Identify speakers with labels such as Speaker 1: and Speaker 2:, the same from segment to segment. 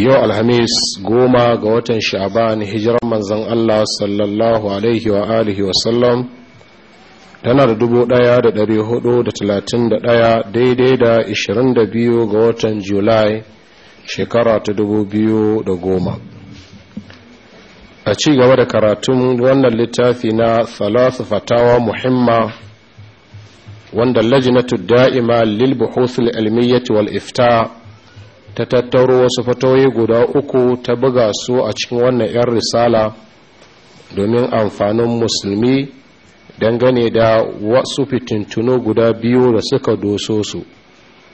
Speaker 1: yau alhamis goma ga watan sha'aban hijirar manzan Allah sallallahu alaihi wa alihi wa sallam tana da dubu daya da dari hudu da talatin da daya daidai da ishirin da biyu ga watan julai shekara ta dubu biyu da goma a ci gaba da karatun wannan littafi na thalathu fatawa muhimma wanda lajinatu da'ima lil buhuthul ilmiyyati wal ifta' ta tattaro wasu fatoyi guda uku ta buga su a cikin wannan 'yan risala domin amfanin musulmi dangane da wasu fitintunu guda biyu da suka doso su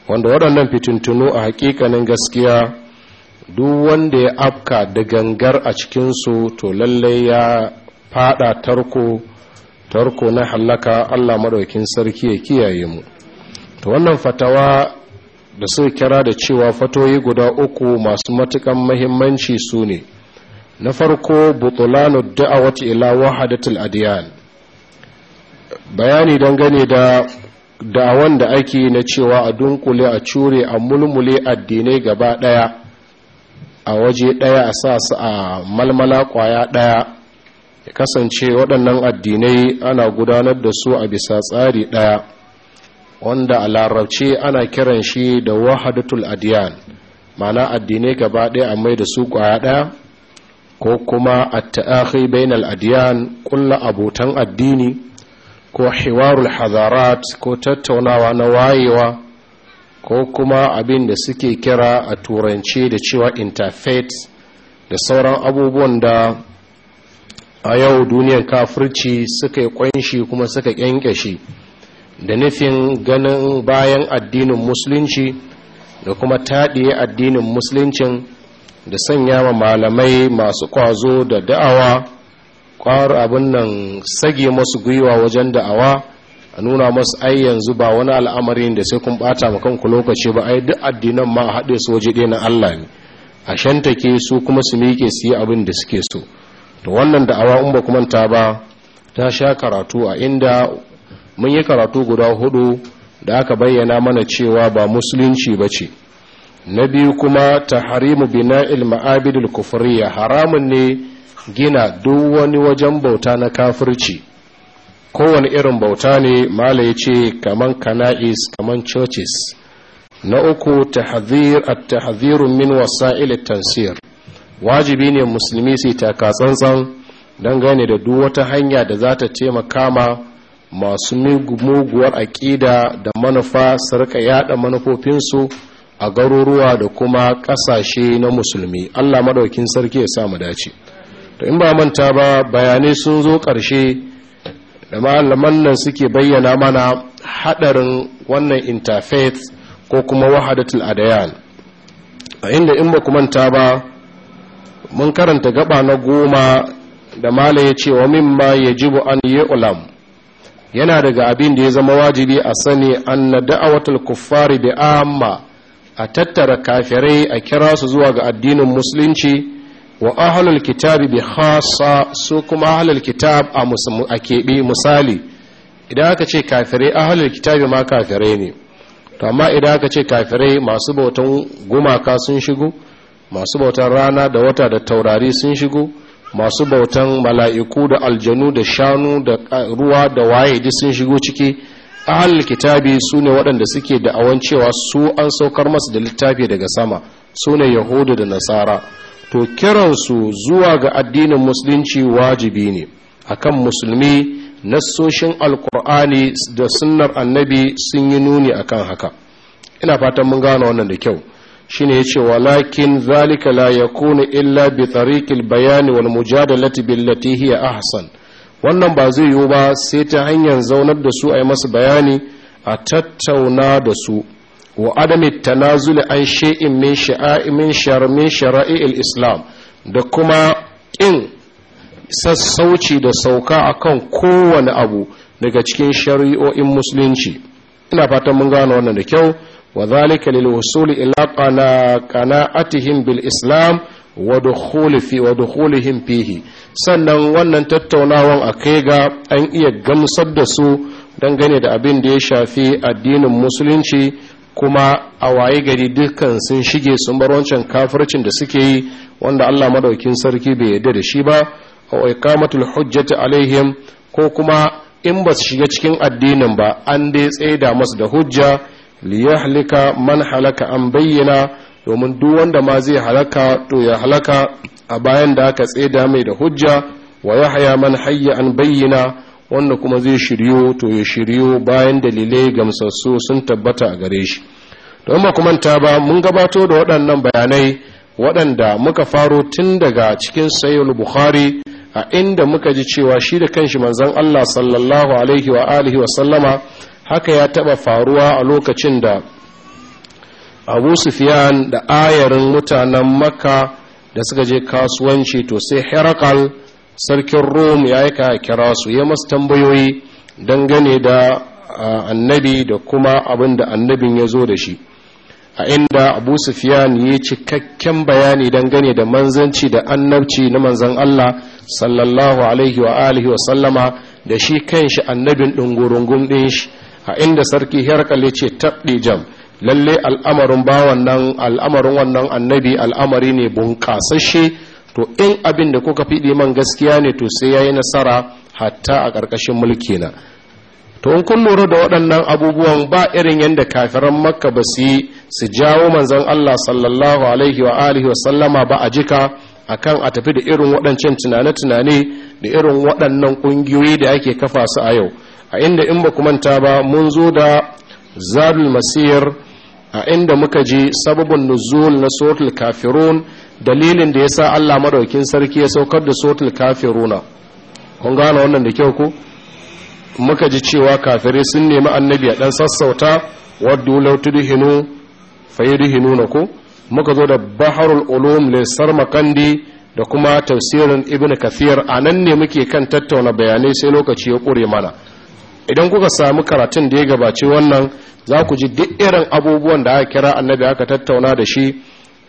Speaker 1: wanda waɗannan fitintunu a hakikanin gaskiya duk wanda ya afka da gangar a cikinsu to lallai ya fada tarko tarko na hallaka allah maɗaukin sarki ya kiyaye mu to wannan fatawa da suka kira da cewa fatoyi guda uku masu matukan mahimmanci su ne na farko butulanu da'awati ila wahadatul adiyan bayani dangane da da'awan da ake na cewa a dunkule a cure a mulmule addinai gaba daya a waje daya a sa su a malmala kwaya daya ya kasance waɗannan addinai ana gudanar da su a bisa tsari daya wanda a larabci ana kiran shi da wahadatul adiyan mana addinai gaba ɗaya a mai da su ƙwaya ɗaya ko kuma a ta'akhi bainal adiyan kulla abotan addini ko hiwarul hazarat ko tattaunawa na wayewa ko kuma abin da suke kira a turance da cewa interfaith da sauran abubuwan da a yau duniyar kafirci suka yi kuma suka kyankyashe da nufin ganin bayan addinin musulunci da kuma taɗiye addinin musuluncin da sanya wa malamai masu kwazo da da'awa ƙwar abin nan sage masu gwiwa wajen da'awa a nuna masu ai yanzu ba wani al'amarin da sai kun ɓata makonku lokaci ba ai duk addinan ma a haɗe su waje ɗaya na Allah ne a shantake su kuma su miƙe su yi abin da suke so da wannan da'awa in ba kuma ta ba ta sha karatu a inda mun yi karatu guda hudu da aka bayyana mana cewa ba musulunci ba ce na biyu kuma ta harimu bina'il ma'abidul kufuriya haramun ne gina duk wani wajen bauta na kafirci kowane irin bauta ne mala ya ce kaman kana'is kaman churches na uku a ta hadirun min wasa tansir wajibi ne musulmi su taka tsantsan don gane da duk wata hanya da za ta taimaka ma masu muguwar aƙida da manufa su rika yada manufofinsu a garuruwa da kuma ƙasashe na musulmi allah maɗaukin sarki ya samu dace to in ba manta ba bayanai sun zo ƙarshe da malaman nan suke bayyana mana haɗarin wannan interfaith ko kuma wahadatul adayan a inda in ba manta ba mun karanta gaba na goma da mala ya ce wa mimma ya jibu an yi ulam yana daga abin da ya zama wajibi a sani an na da'awatul kuffari bi amma a tattara kafirai a kira su zuwa ga addinin musulunci wa ahlul kitabi bi khassa su kuma ahlul kitab a a keɓe misali idan aka ce kafirai ahlul kitabi ma kafirai ne to amma idan aka ce kafirai masu bautan gumaka sun shigo masu bautan rana da wata da taurari sun shigo masu bautan mala'iku da aljanu da shanu da ruwa da waye duk sun shigo ciki a halin kitabi su ne waɗanda suke da awan cewa su an saukar masu da littafi daga sama su ne yahudu da nasara to kiransu zuwa ga addinin musulunci wajibi ne akan musulmi nassoshin alkur'ani da sunnar annabi sun yi nuni akan haka ina fatan mun gane wannan da kyau shine ce walakin zalika la yakunu illa bi tariqil bayani wal mujadalati billati hiya ahsan wannan ba zai yiwu ba sai ta hanyar zaunar da su a yi masu bayani a tattauna da su wa adami tanazul an shay'in min sha'aimin sharmin shara'il islam da kuma in sassauci da sauka akan kowane abu daga cikin shari'o'in musulunci ina fatan mun gane wannan da kyau wa zalika lil wusuli ila qana'atihim bil islam wa dukhulihim fihi sannan wannan tattaunawan a kai ga an iya gamsar da su dangane da abin da ya shafi addinin musulunci kuma a waye gari dukkan sun shige sun bar wancan kafircin da suke yi wanda Allah madaukin sarki bai yarda da shi ba a iqamatul hujjati alaihim ko kuma in ba su shiga cikin addinin ba an dai tsaida masu da hujja liyahlika man halaka an bayyana domin duk wanda ma zai halaka to ya halaka a bayan da aka tseda mai da hujja wa yahya man hayya an bayyana wanda kuma zai shiryo to ya shiryo bayan dalilai gamsassu sun tabbata a gare shi don ta ba mun gabato da waɗannan bayanai waɗanda muka faro tun daga cikin sayyul bukhari a inda muka ji cewa shi da kanshi manzon Allah sallallahu alaihi wa alihi wa sallama haka ya taɓa faruwa a lokacin da abu sufiyan da ayarin mutanen makka da suka je kasuwanci to sai herakal sarkin rom ya yi kira su ya masu tambayoyi dangane da annabi da kuma abin da annabin ya zo da shi a inda abu sufiyan ya cikakken bayani dangane da manzanci da annabci na manzan allah sallallahu alaihi wa alihi wa sallama da shi kanshi annabin ɗin ɗungurungun ɗin shi a inda sarki herkale ce taɗi jam lalle al'amarin bawan nan al'amarin wannan annabi al'amari ne bunƙasashe to in abin da kuka fiɗi man gaskiya ne to sai ya yi nasara hatta a ƙarƙashin mulki na to in kun lura da waɗannan abubuwan ba irin yadda kafiran makka ba su yi su jawo manzon Allah sallallahu alaihi wa alihi wa sallama ba a jika akan a tafi da irin waɗancan tunane-tunane da irin waɗannan ƙungiyoyi da ake kafa su a yau a inda in ba manta ba mun zo da zadul masir a inda muka ji sababin nuzul na suratul kafirun dalilin da ya sa Allah madaukin sarki ya saukar da suratul kafiruna kun gane wannan da kyau ko muka ji cewa kafirai sun nemi annabi a dan sassauta waddu law tudhinu na ko muka zo da baharul ulum lil makandi da kuma tafsirin ibnu kathir nan ne muke kan tattauna bayanai sai lokaci ya kure mana idan kuka samu karatun da ya gabace wannan za ku ji duk irin abubuwan da aka kira annabi aka tattauna da shi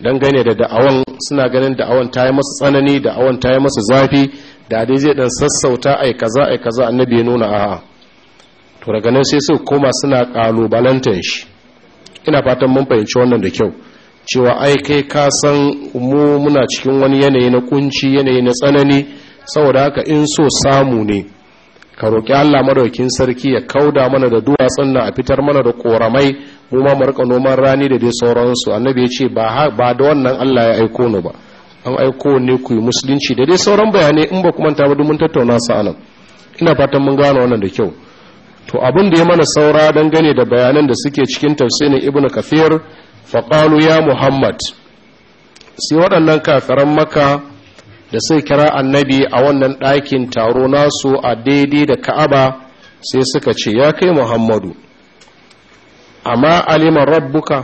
Speaker 1: don gane da da'awan suna ganin da'awan ta yi masu tsanani da'awan ta yi masu zafi da dai zai dan sassauta ai kaza ai kaza annabi ya nuna a'a to daga nan sai su koma suna kalubalantar shi ina fatan mun fahimci wannan da kyau cewa ai kai ka san mu muna cikin wani yanayi na kunci yanayi na tsanani saboda haka in so samu ne ka roƙi Allah madaukin sarki ya kauda mana da duwatsun nan a fitar mana da koramai mu ma mu rika noman rani da dai sauransu annabi ya ce ba ba da wannan Allah ya aiko ni ba an aiko ne ku musulunci da dai sauran bayanai in ba kuma ta ba mun tattauna su anan ina fatan mun gano wannan da kyau to abin da ya mana saura dangane da bayanan da suke cikin tafsirin ibnu kafir faqalu ya muhammad sai waɗannan kafiran maka da sai kira annabi a wannan ɗakin taro nasu a daidai da ka'aba sai suka ce ya kai muhammadu amma aliman rabbuka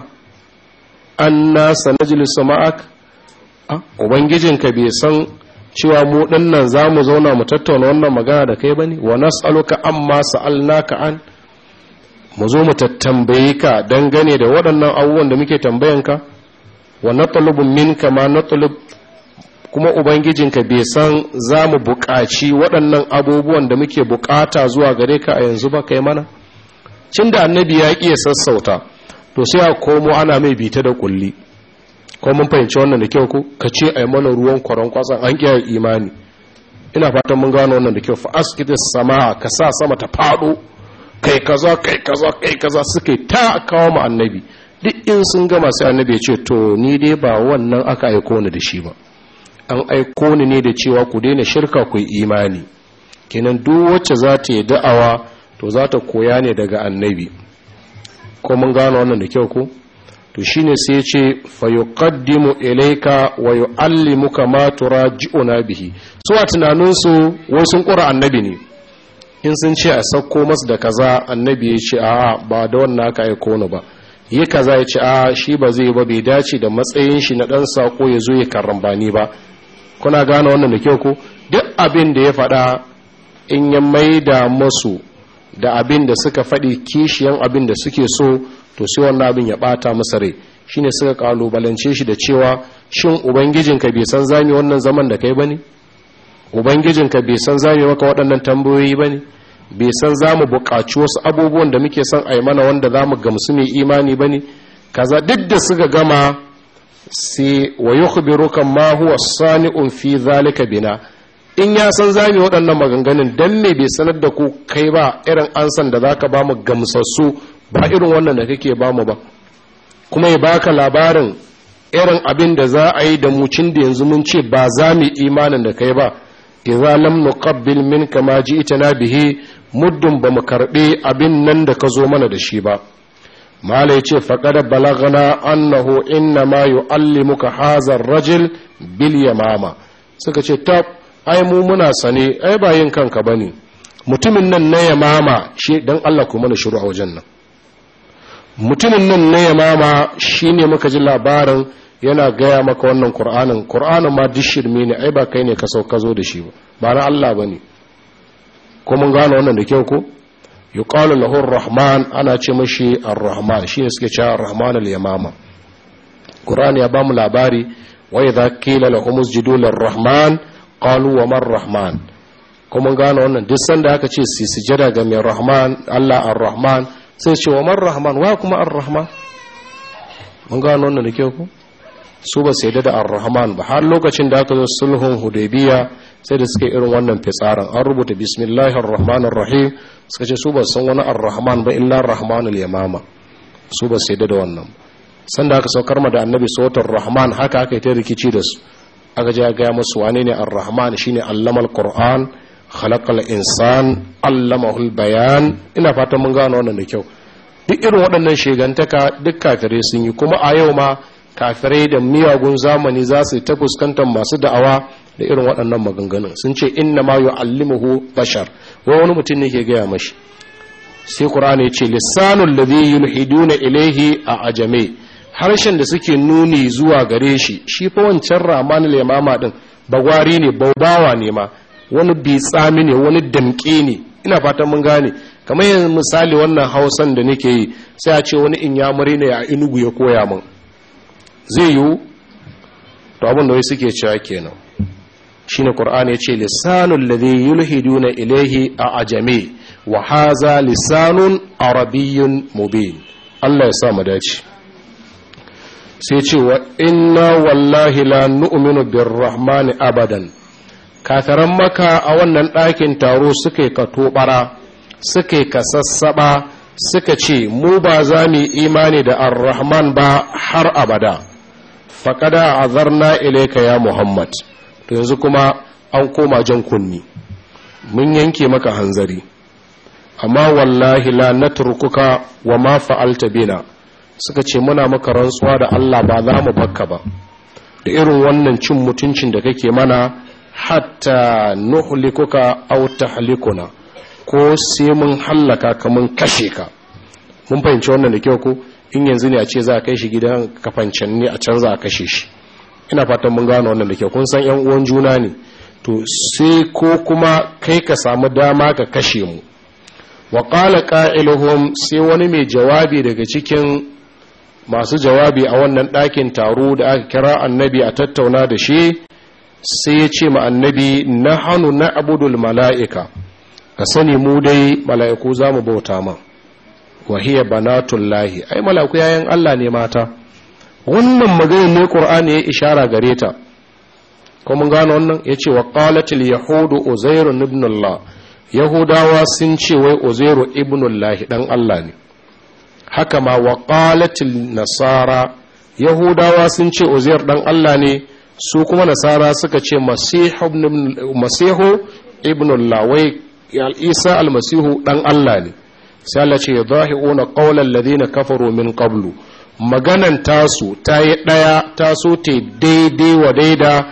Speaker 1: an nasa najlisu ma'ak ubangijinka bai san cewa mu dinnan za mu zauna mu tattauna wannan magana da kai bane wa nas'aluka amma sa'alnaka an mu zo mu tattambaye ka dangane da waɗannan abubuwan da muke tambayanka wa min minka ma natlub kuma ubangijinka bai san za mu buƙaci waɗannan abubuwan da muke buƙata zuwa gare ka a yanzu ba kai mana cin da annabi ya iya sassauta to sai a komo ana mai bita da kulli ko mun fahimci wannan da kyau ko ka ce a yi mana ruwan kwaron kwatsan an ƙiyar imani ina fatan mun gano wannan da kyau fa askidis sama ka sa sama ta faɗo kai kaza kai kaza kai kaza suke ta kawo mu annabi duk in sun gama sai annabi ya ce to ni dai ba wannan aka aiko ni da shi ba an aiko ni ne da cewa ku daina shirka ku imani kenan duk wacce za ta yi da'awa to za ta koya ne daga annabi ko mun gano wannan da kyau ko to shine sai ya ce fa yuqaddimu ilayka wa yuallimuka ma turaji'una bihi su a tunanin su wai sun kura annabi ne in sun ce a sauko masu da kaza annabi ya ce a ba da wannan aka aiko ni ba yi kaza ya ce a shi ba zai ba bai dace da matsayin shi na dan sako ya zo ya karambani ba kuna gane wannan da kyau ko duk abin da ya faɗa in ya maida masu da abin da suka faɗi kishiyan abin da suke so to sai wannan abin ya ɓata masa rai shine suka kalubalance shi da cewa shin ubangijinka bai san zami wannan zaman da kai bane ubangijinka bai san zami maka waɗannan tambayoyi bane bai san za mu buƙaci wasu abubuwan da muke son a wanda mana wanda gamsu mai imani bane kaza duk da suka gama sai wa yukhbiruka ma huwa sani'un fi zalika bina in ya san zami waɗannan maganganun dan me bai sanar da ku kai ba irin ansan da zaka ba mu gamsassu ba irin wannan da kake ba mu ba kuma ya baka labarin irin abin da za a yi da mu cin da yanzu mun ce ba za mu imanin da kai ba idza lam nuqabbil ji ita na bihi muddin ba mu karbe abin nan da ka zo mana da shi ba mala ya ce faƙada balagana annahu inna ma yu'allimuka hazar rajil bil yamama suka ce tab ai mu muna sane ai ba yin kanka bane mutumin nan na yamama shi dan Allah ku mana shiru a wajen nan mutumin nan na yamama shine muka ji labarin yana gaya maka wannan qur'anin qur'anin ma dishirme ne ai ba kai ne ka sauka zo da shi ba ba na Allah bane ko mun gane wannan da kyau ko yuqalu lahu rahman ana ce mashi ar-rahman shine suke cewa ar-rahman al-yamama qur'ani ya bamu labari wa idha qila lahum usjudu lir-rahman qalu wa mar-rahman kuma gane wannan duk sanda aka ce su sujada ga mai rahman Allah ar-rahman sai ce wa mar-rahman wa kuma ar-rahman mun gano wannan da kyau ko su ba sai da ar-rahman ba har lokacin da aka zo sulhun hudaybiya sai da suka irin wannan fitsarin an rubuta bismillahir rahmanir rahim suka ce su ba san wani ar-rahman ba illa rahmanul yamama su ba sai da wannan sanda aka saukar ma da annabi sautar rahman haka aka yi ta rikici da su aka ji gaya masu wane ne ar-rahman shine allamal kur'an khalaqal insan allamahul bayan ina fatan mun gano wannan da kyau duk irin waɗannan shegantaka duk kafirai sun yi kuma a yau ma kafirai da miyagun zamani za su ta fuskantar masu da'awa da irin waɗannan maganganun sun ce inna ma allimuhu bashar wai wani mutum ne ke gaya mashi sai ce ya ce lisanul ladhi na ilaihi a ajame harshen da suke nuni zuwa gare shi shi fa wancan ramanul lemama din bagwari ne baubawa ne ma wani bitsami ne wani damƙe ne ina fatan mun gane kamar yanzu misali wannan hausan da nake yi sai a ce wani inyamuri ne a inugu ya koya min zai yiwu to abin da wai suke cewa kenan shine qur'ani yace lisanul ladhi yulhiduna ilayhi a ajami wa haza lisanun arabiyyun mubin Allah ya sa mu dace sai ce wa inna wallahi la nu'minu birrahmani abadan kafiran maka a wannan ɗakin taro suke ka tobara suke ka sassaba suka ce mu ba za mu imani da arrahman ba har abada faƙada a zarna ilaika ya muhammad to yanzu kuma an koma jan kunni mun yanke maka hanzari amma wallahi la natrukuka wa ma fa'alta bina suka ce muna maka rantsuwa da Allah ba za mu bakka ba da irin wannan cin mutuncin da kake mana hatta nuhlikuka aw tahlikuna ko sai mun hallaka ka mun kashe ka mun fahimci wannan da kyau ko in yanzu ne a ce za a kai shi gidan kafan ne a can za a kashe shi ina fatan mun gano wannan da kyau kun san yan uwan juna ne to sai ko kuma kai ka samu dama ka kashe mu wa qala qa'iluhum sai wani mai jawabi daga cikin masu jawabi a wannan ɗakin taro da aka kira annabi a tattauna da shi sai ya ce ma annabi na hannu na abudul mala'ika ka sani mu dai mala'iku za mu bauta ma wa hiya banatullahi ai mala'iku yayan Allah ne mata wannan maganar ne ƙur'ani ya ishara gare ta ko mun gano wannan yace wa qalatil yahudu uzairu ibnullah yahudawa sun ce wai uzairu ibn dan allah ne haka ma wa qalatil nasara yahudawa sun ce uzair dan allah ne su kuma nasara suka ce masihu ibn wai isa almasihu dan allah ne sai Allah ce ya ona qawla alladhina kafaru min qablu maganan tasu ta yi ɗaya taso te daidai wa daida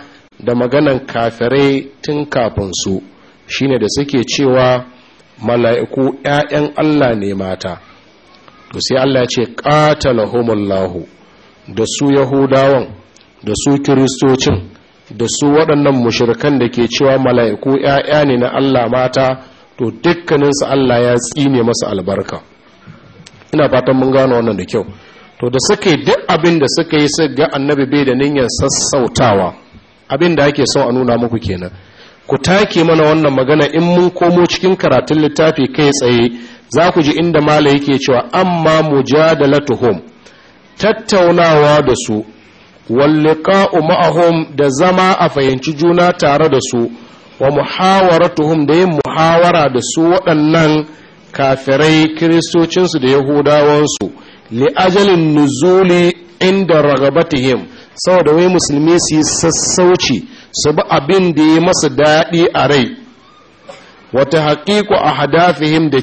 Speaker 1: da maganan kafirai tun kafin su shine da suke cewa mala'iku ‘ya'yan Allah ne mata to sai Allah ce ƙatalahumullahu da su yahudawan da su kiristocin da su waɗannan mushirikan da ke cewa mala'iku ‘ya'ya ne na Allah mata to dukkaninsu Allah ya tsine masa albarka ina fatan mun gano wannan da kyau to da suka yi duk abin da suka yi suka ga annabi bai da niyyar sassautawa abin da ake so a nuna muku kenan ku take mana wannan magana in mun komo cikin karatun littafi kai tsaye za ku ji inda mala yake cewa amma mujadalatuhum tattaunawa da su wallika ma'ahum da zama a fahimci juna tare da su wa muhawaratuhum da yin muhawara da su waɗannan kafirai kiristocinsu da yahudawansu li ajalin nuzuli inda ragabatihim saboda wai musulmi su yi sassauci su bi abin da ya masa daɗi a rai wata haƙiƙo a hadafihim da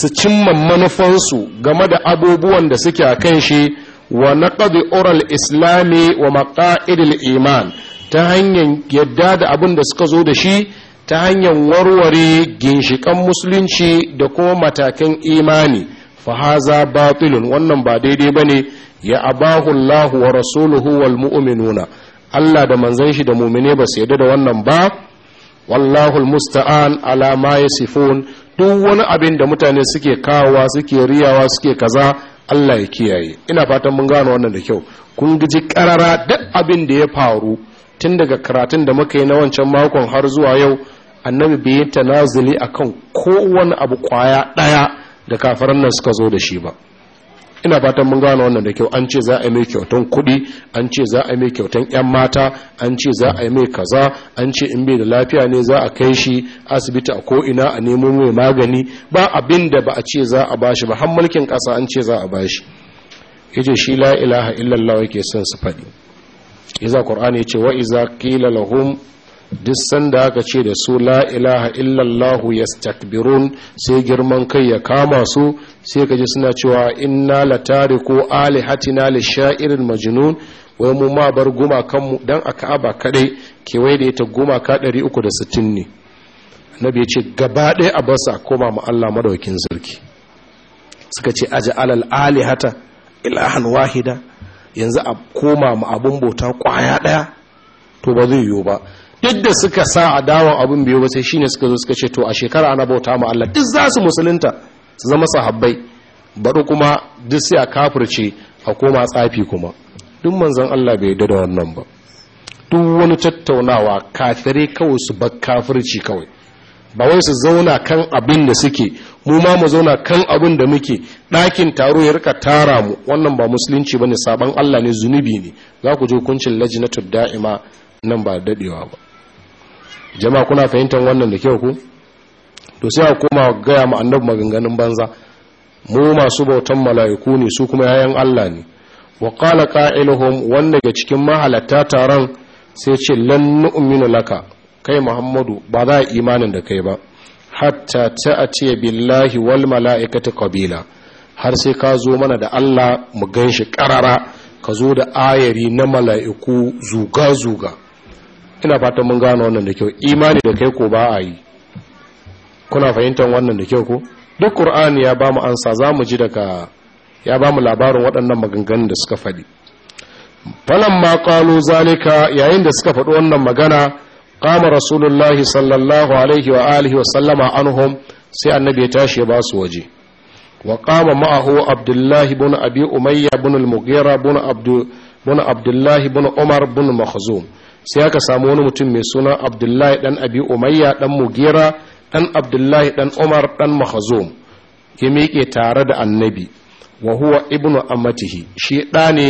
Speaker 1: su cimma manufansu game da abubuwan da suke a kan shi wa naqdi oral islami wa maqa'idil iman ta hanyar yadda da abin da suka zo da shi ta hanyar warware ginshiƙan musulunci da kuma matakan imani fa haza batilun wannan ba daidai bane ya abahu Allah wa rasuluhu wal mu'minuna Allah da manzon shi da mu'mine ba su yarda da wannan ba wallahu musta'an ala ma yasifun duk wani abin da mutane suke kawowa suke riyawa suke kaza Allah ya kiyaye ina fatan mun gano wannan da kyau kun ji karara duk abin da ya faru tun daga karatun da muka yi na wancan makon har zuwa yau annabi bai yi tanazuli akan kowane abu kwaya daya da kafaran nan suka zo da shi ba ina fatan mun gane wannan da kyau an ce za a yi mai kyautan kuɗi an ce za a yi mai kyautan 'yan mata an ce za a yi mai kaza an ce in bai da lafiya ne za a kai shi asibiti a ko ina a nemo mai magani ba abinda ba a ce za a bashi ba har mulkin ƙasa an ce za a bashi yace shi la ilaha illallah yake son su faɗi iza qur'ani yace wa iza qila lahum duk sanda aka ce da su la ilaha illallahu yastakbirun sai girman kai ya kama su sai ka ji suna cewa inna la tariku alihatina li sha'irin majnun wai mu ma bar gumakanmu mu dan a Ka'aba kadai wai da ita gumaka 360 ne annabi ya ce gaba ɗaya a basa koma mu Allah madaukin sarki suka ce aji alal alihata ilahan wahida yanzu a koma mu abun bauta kwaya ɗaya to ba zai yiwu ba yadda suka sa a adawan abin biyu ba sai ne suka zo suka ce to a shekara ana bauta ma Allah duk za su musulunta su zama sahabbai bari kuma duk sai a kafirce a koma tsafi kuma duk manzon Allah bai yarda da wannan ba duk wani tattaunawa kafire kawai su bar kafirci kawai ba wai su zauna kan abin da suke mu ma mu zauna kan abin da muke ɗakin taro ya rika tara mu wannan ba musulunci bane saban Allah ne zunubi ne za ku je hukuncin lajnatud da'ima nan ba dadewa ba jama'a kuna fahimtar wannan da kyau ku to sai a koma gaya ma annabi maganganun banza mu masu bautan mala'iku ne su kuma yayan Allah ne wa qala qa'iluhum wanda daga cikin mahalatta taron sai ce lan nu'minu laka kai Muhammadu ba za a imanin da kai ba hatta ta'ati billahi wal mala'ikati qabila har sai ka zo mana da Allah mu ganshi karara ka zo da ayari na mala'iku zuga zuga ina fatan mun gano wannan da kyau imani da kai ko ba a yi kuna fahimtar wannan da kyau ko duk qur'ani ya bamu ansa zamu ji daga ya bamu labarin waɗannan maganganun da suka faɗi falan ma qalu zalika yayin da suka faɗi wannan magana qama rasulullahi sallallahu alaihi wa alihi wa sallama anhum sai annabi ya tashi ya basu waje wa qama ma'ahu abdullahi ibn abi umayya ibn al-mughira ibn abdullahi ibn umar ibn makhzum sai aka samu wani mutum mai suna abdullahi ɗan abi umayya ɗan mugera ɗan abdullahi ɗan umar ɗan mahazum ya miƙe tare da annabi wa huwa ibnu ammatihi shi ɗa ne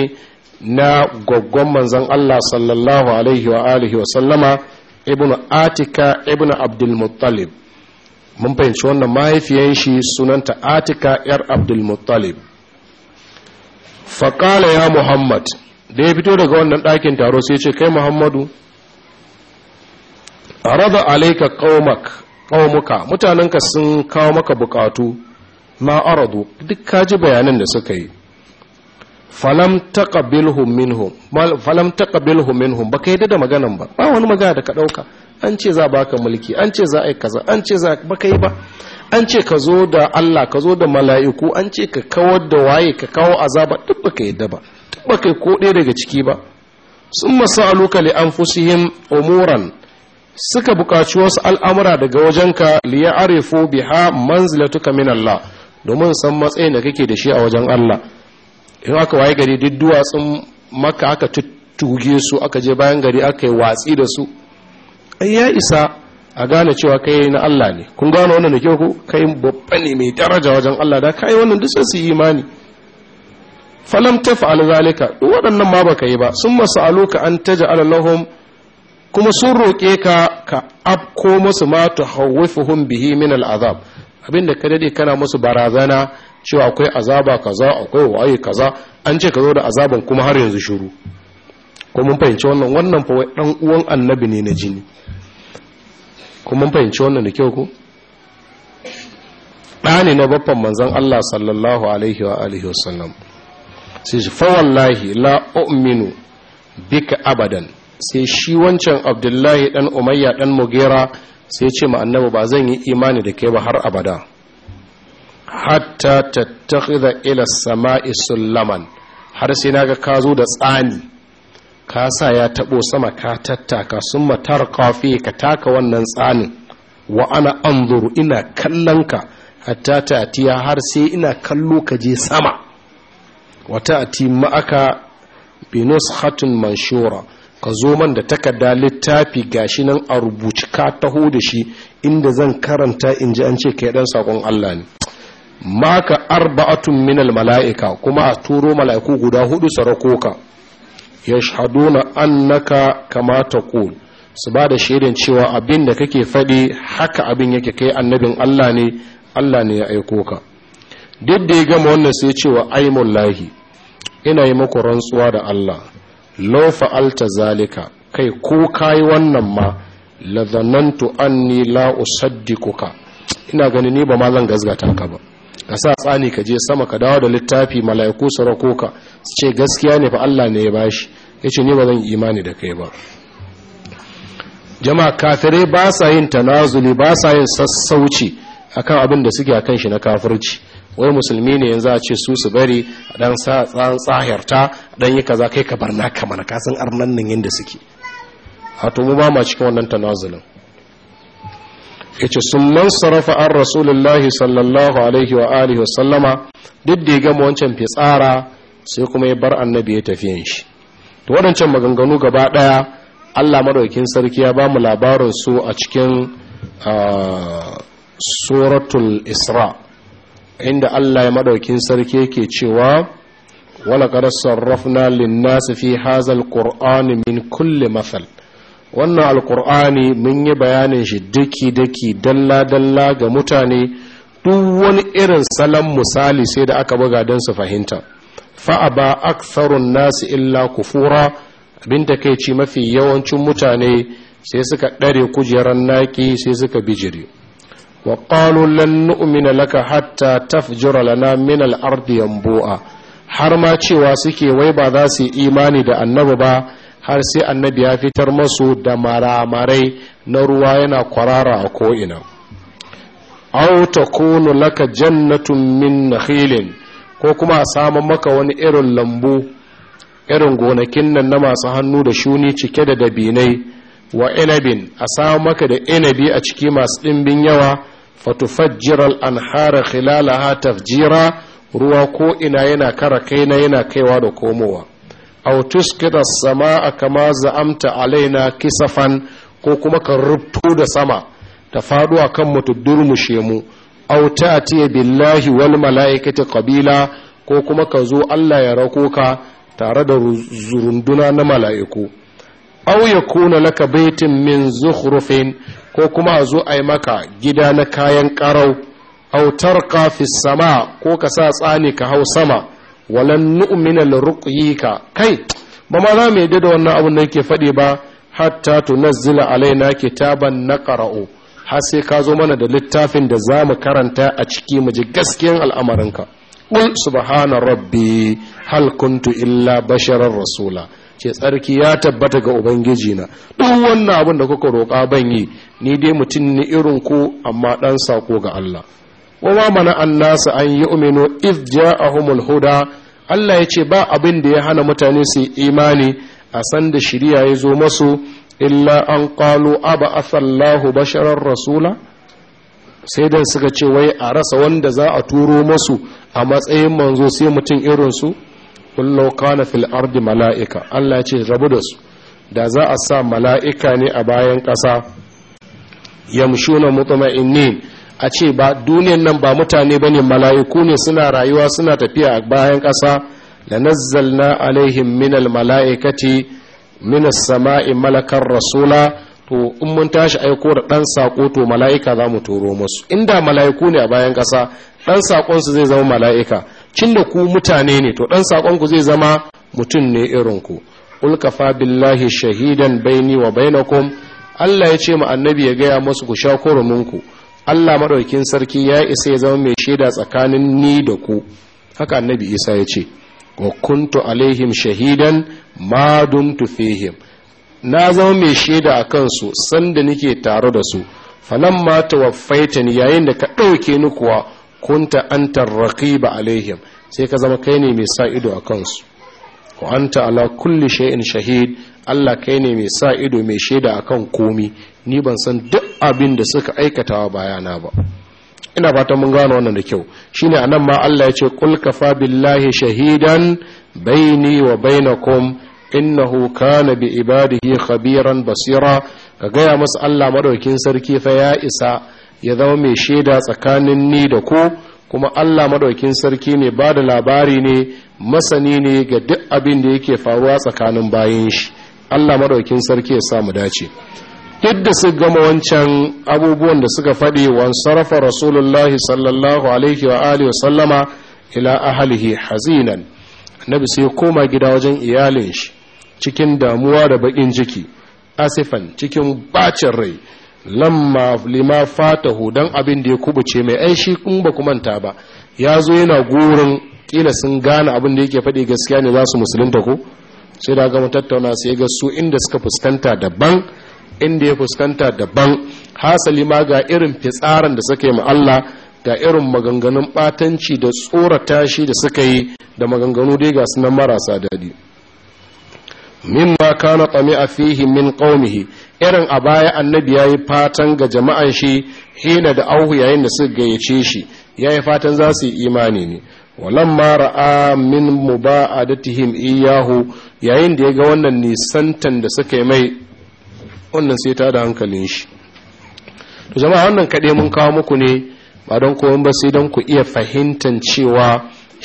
Speaker 1: na gwaggon manzon Allah sallallahu alaihi wa alihi wa sallama ibnu atika ibnu abdul muttalib mun fahimci wannan mahaifiyan shi sunanta atika yar abdul muttalib faƙala ya muhammad da ya fito daga wannan ɗakin taro sai ce kai muhammadu a raza alaika mutanen mutanenka sun kawo maka bukatu ma aradu duk kaji bayanan da suka yi falam taqabilhum minhum falam taqabilhum minhum baka yadda da maganan ba ba wani magana da ka ɗauka an ce za baka mulki an ce za a yi kaza an ce za baka yi ba an ce ka zo da Allah ka zo da mala'iku an ce ka kawar da waye ka kawo azaba duk baka yadda ba taɓa kai ko ɗaya daga ciki ba sun aluka li anfusihim umuran suka buƙaci wasu al'amura daga wajenka li bi biha manzilatuka min Allah domin san matsayin da kake da shi a wajen Allah in aka waye gari duk duwatsun maka aka tuge su aka je bayan gari aka yi watsi da su ai ya isa a gane cewa kai na Allah ne kun gane wannan da kyau kai babba ne mai daraja wajen Allah da kai wannan duk sai su imani falam taf'al zalika duk waɗannan ma baka yi ba sun masu mas'aluka an taj'al lahum kuma sun roƙe ka ka afko musu ma tuhawwifuhum bihi min al'azab abinda ka dade kana musu barazana cewa akwai azaba kaza akwai waye kaza an ce ka zo da azaban kuma har yanzu shiru ko mun fahimci wannan wannan fa dan uwan annabi ne na jini ko mun fahimci wannan da kyau ko ɗa na babban manzon Allah sallallahu alaihi wa alihi wasallam sai shi fawallahi la Ominu bika abadan sai shi wancan abdullahi dan umayya dan mugera sai ce ma annabi ba zan yi imani da kai ba har abada hatta tattakhidha ila samai sulaman har sai naga ka zo da tsani ka sa ya tabo sama ka tattaka summa matar fi ka taka wannan tsanin wa ana anzuru ina kallon ka hatta tiya har sai ina kallo ka je sama wata ati ma'aka binus hatun manshura ka zo man da takarda littafi gashi nan a rubuci ka taho da shi inda zan karanta in ji an ce kai dan sakon Allah ne maka arba'atun minal mala'ika kuma a turo mala'iku guda hudu sarakoka yashhaduna annaka kama taqul su ba da shaidan cewa abin da kake faɗi haka abin yake kai annabin Allah ne Allah ne ya aiko ka duk da ya gama wannan sai cewa aimun lahi ina yi maku rantsuwa da Allah law alta zalika kai ko kayi wannan ma la dhanantu anni la usaddiquka ina ganin ni ba ma zan gazgata ka ba ka sa tsani ka je sama ka dawo da littafi mala'iku su rako ka su ce gaskiya ne fa Allah ne ya bashi yace ni ba zan imani da kai ba jama'a kafirai ba sa yin tanazuli ba sa yin sassauci akan abin da suke kan shi na kafirci wai musulmi ne yanzu a ce su su bari a dan tsahirta dan yi kaza kai ka bar ka mana ka san arnan nan yanda suke a to mu ba ma cikin wannan tanazulin yace sun man sarrafa an rasulullahi sallallahu alaihi wa alihi wa sallama duk da ya gama wancan fitsara sai kuma ya bar annabi ya tafi shi to waɗancan maganganu gaba ɗaya Allah maɗaukin sarki ya ba mu labarin su a cikin ah, suratul isra' inda Allah ya madaukin sarki yake cewa wala qad sarrafna lin-nasi fi hazal qur'ani min kulli mathal wannan alqur'ani mun yi bayanin shi daki daki dalla dalla ga mutane duk wani irin salon misali sai da aka buga don su fahimta fa'aba aktharun nasu illa kufura abin da kai ci mafi yawancin mutane sai suka ɗare kujerar naki sai suka bijire وقالوا لن نؤمن nu'mina حتى hatta لنا من min al har ma cewa suke wai ba za su yi imani da annabi ba har sai annabi ya fitar masu da maramarai na ruwa yana kwarara a ko'ina aw takunu laka jannatun min nakhilin ko kuma a samun maka wani irin lambu irin gonakin nan na masu hannu da shuni cike da dabinai wa inabin a samun maka da inabi a ciki masu ɗimbin yawa fatufajjiral anhara khilalaha tafjira ruwa ko ina yana kara na yana kaiwa da komowa aw tusqita as-samaa kama za'amta alaina kisafan ko kuma ka rubto da sama ta fado akan mu tudurmushe mu aw ta'ti billahi wal malaikati kabila ko kuma ka zo Allah ya rako ka tare da zurunduna na mala'iku aw yakuna laka baitin min zukhrufin ko kuma a zo a yi maka gida na kayan ƙarau, autar kafin sama ko ka sa tsani ka hau sama walan nu'mina ka kai ba ma za mu yi da wannan abin da yake faɗi ba hatta tunazzila alaina kitaban ƙara'u. har sai ka zo mana da littafin da za mu karanta a ciki mu ji gaskiyan al'amarinka qul subhana rabbi hal kuntu illa basharar rasula ce tsarki ya tabbata ga ubangiji na duk wannan abin da kuka roƙa ban yi ni dai mutum ne irin ku amma ɗan sako ga Allah wa mana annasa an yu'minu id ja'ahumul huda Allah ya ce ba abin da ya hana mutane su yi imani a san da shiriya ya zo masu illa an qalu aba'athallahu basharar rasula sai dan suka ce wai a rasa wanda za a turo masu a matsayin manzo sai mutum irin su kullau kana fil ardi mala'ika Allah ce rabu da su da za a sa mala'ika ne a bayan ƙasa yamshuna mutma'innin a ce ba duniyan nan ba mutane ba ne mala'iku ne suna rayuwa suna tafiya a bayan ƙasa la nazzalna alaihim minal mala'ikati minas sama'i malakar rasula to in mun tashi aiko da ɗan saƙo to mala'ika za mu turo musu inda mala'iku ne a bayan ƙasa ɗan saƙonsu zai zama mala'ika cin da ku mutane ne to ɗan saƙonku zai zama mutum ne irin irinku ulkafa billahi shahidan baini wa bainakum Allah ya ce ma annabi ya gaya musu ku sha ku Allah maɗaukin sarki ya isa ya zama mai shaida tsakanin ni da ku haka annabi isa ya ce wa kuntu alaihim shahidan ma dumtu fihim na zama mai shaida a kansu sanda nake tare da su falamma tawaffaitani yayin da ka ɗauke ni kuwa kunta antar raqiba alaihim sai ka zama kai ne mai sa ido a kansu wa anta ala kulli shay'in shahid Allah kai ne mai sa ido mai shaida akan komi ni ban san duk abin da suka aikatawa bayana ba ina fatan mun gano wannan da kyau shine anan ma Allah ya ce qul kafa billahi shahidan baini wa bainakum innahu kana bi ibadihi khabiran basira ka gaya masa Allah madaukin sarki fa ya isa ya zama mai shaida tsakanin ni da ku kuma Allah maɗaukin sarki ne ba da labari ne masani ne ga duk abin da yake faruwa tsakanin bayan shi Allah maɗaukin sarki ya samu dace duk da su gama wancan abubuwan da suka faɗi wan sarrafa rasulullahi sallallahu alaihi wa alihi sallama ila ahlihi hazinan nabi sai koma gida wajen iyalin shi cikin damuwa da baƙin jiki asifan cikin bacin rai lamma lima fatahu dan abin da ya kubuce mai ai shi kun ba manta ba ya zo yana gurin kila sun gane abin da yake faɗi gaskiya ne za su musulunta ko sai da gama tattauna sai ga su inda suka fuskanta daban inda ya fuskanta daban hasali ma ga irin fitsarin da suka yi ma Allah ga irin maganganun batanci da tsorata shi da suka yi da maganganu dai ga sunan marasa daɗi mimma kana a fihi min qaumihi irin a baya annabi yayi fatan ga jama'an shi hina da auhu yayin da suka gayyace shi yayi fatan za su yi imani ne walamma ra'a min muba'adatihim iyahu yayin da ya ga wannan nisantan da suka yi mai wannan sai ta da hankalin shi to jama'a wannan kaɗai mun kawo muku ne ba don koyon ba sai don ku iya fahimtan cewa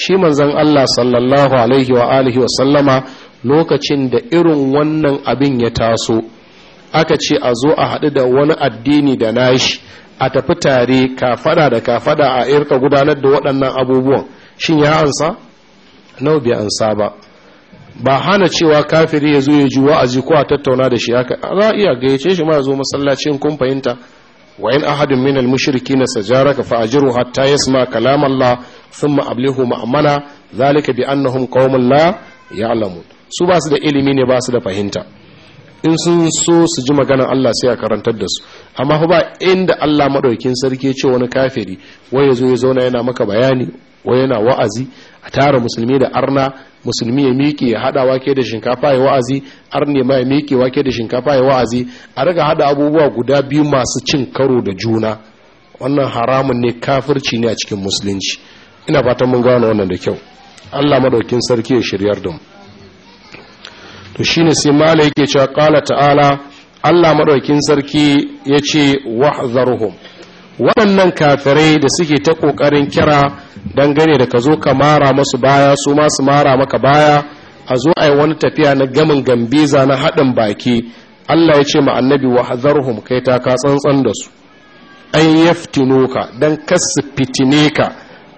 Speaker 1: shi manzon Allah sallallahu alaihi wa alihi wa sallama lokacin da irin wannan abin ya taso aka ce a zo a haɗu da wani addini da nashi a tafi tare kafada da kafada a irka gudanar da waɗannan abubuwan shin ya ansa nau bai ansa ba ba hana cewa kafiri ya zo ya ji wa'azi ko a tattauna da shi haka za a iya gayyace shi ma ya zo masallacin kun fahimta wa in ahadun minal mushrikina sajaraka fa ajiru hatta yasma kalam Allah thumma ablihu ma'amala zalika bi annahum qaumun la ya'lamun su ba su da ilimi ne ba su da fahimta in sun so su ji maganar Allah sai a karantar da su amma ba inda Allah maɗaukin sarki ya ce wani kafiri wai ya zo ya zauna yana maka bayani wai yana wa'azi a tara musulmi da arna musulmi ya miƙe ya haɗa wake da shinkafa ya wa'azi arne ma ya miƙe wake da shinkafa ya wa'azi a riga haɗa abubuwa guda biyu masu cin karo da juna wannan haramun ne kafirci ne a cikin musulunci ina fatan mun gano wannan da kyau Allah maɗaukin sarki ya shiryar da mu to ne sai mala yake cewa kala ta'ala Allah madaukin sarki yace wahzarhum waɗannan kafirai da suke ta ƙoƙarin kira dangane da ka zo ka mara masu baya su ma su mara maka baya a zo a yi wani tafiya na gamin gambiza na haɗin baki Allah ya ce ma annabi wa hazarhum kai ta ka tsantsan da su an yaftinoka don kasu fitine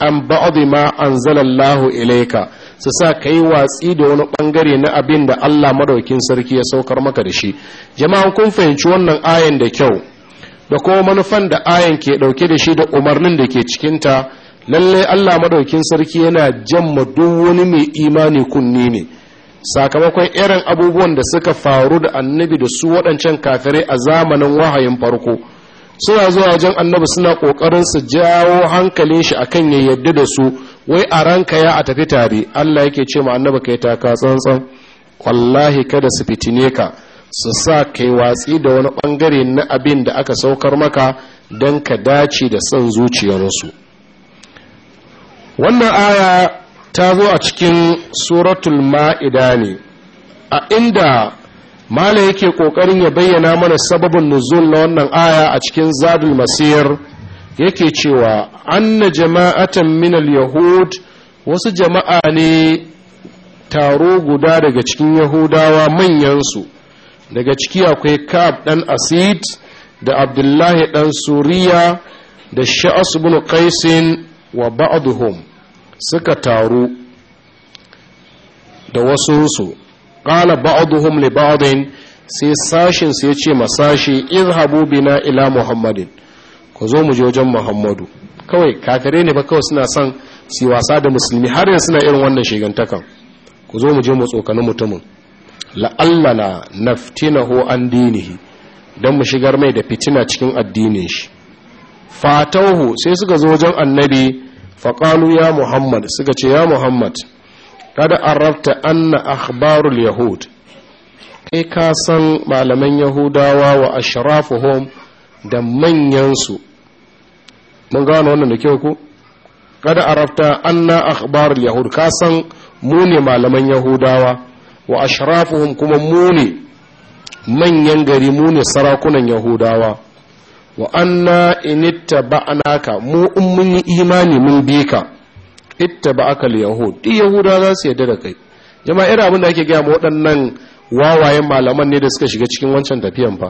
Speaker 1: an ba'adu ma an zalallahu ilaika su sa ka yi watsi da wani bangare na abin da Allah madaukin sarki ya saukar maka da shi jama'an kun fahimci wannan ayan da kyau da kuma manufan da ayan ke dauke da shi da umarnin da ke cikinta lalle Allah madaukin sarki yana jamma duk wani mai imani kunni ne sakamakon irin abubuwan da suka faru da annabi da su waɗancan kafirai a zamanin wahayin farko suna zuwa wajen annabi suna kokarin su jawo hankalin shi akan ya yadda da su wai a ranka ya a tafi tare Allah yake ce ma annabi kai taka tsantsan wallahi kada su fitine ka su sa kai watsi da wani bangare na abin da aka saukar maka don ka dace da son zuciyarsu wannan aya ta zo a cikin suratul ma'ida ne a inda mala yake kokarin ya bayyana mana sababin nuzul na wannan aya a cikin zadul masir yake cewa anna jama'atan min al-yahud wasu jama'a ne taro guda daga cikin yahudawa manyan su daga ciki akwai kab dan asid da abdullahi dan suriya da sha'as ibn qais wa ba'dhum suka taru da wasu wasunsu qala ba'dhum li ba'dhin sai sashin sai ce ma izhabu bina ila muhammadin ku zo mu je wajen muhammadu kawai kafire ne ba kawai suna son su wasa da musulmi har yanzu suna irin wannan shigantakan ku zo mu je mu tsokani mutumin la'allana naftinahu an dinihi don mu shigar mai da fitina cikin addinin shi fatauhu sai suka zo wajen annabi faƙalu ya muhammad suka ce ya muhammad kada arrafta anna akhbarul yahud kai ka san malaman yahudawa wa ashrafuhum da manyansu mun gano wannan da kyau ku kada arafta anna akhbarul yahud ka san mu ne malaman yahudawa wa ashrafuhum kuma mu ne manyan gari mu ne sarakunan yahudawa wa anna inittaba'naka mu in imani mun bi ka hitta ba aka yahud duk yahuda za su yadda da kai jama'a irin abin da ake gaya ma waɗannan wawayen malaman ne da suka shiga cikin wancan tafiyan fa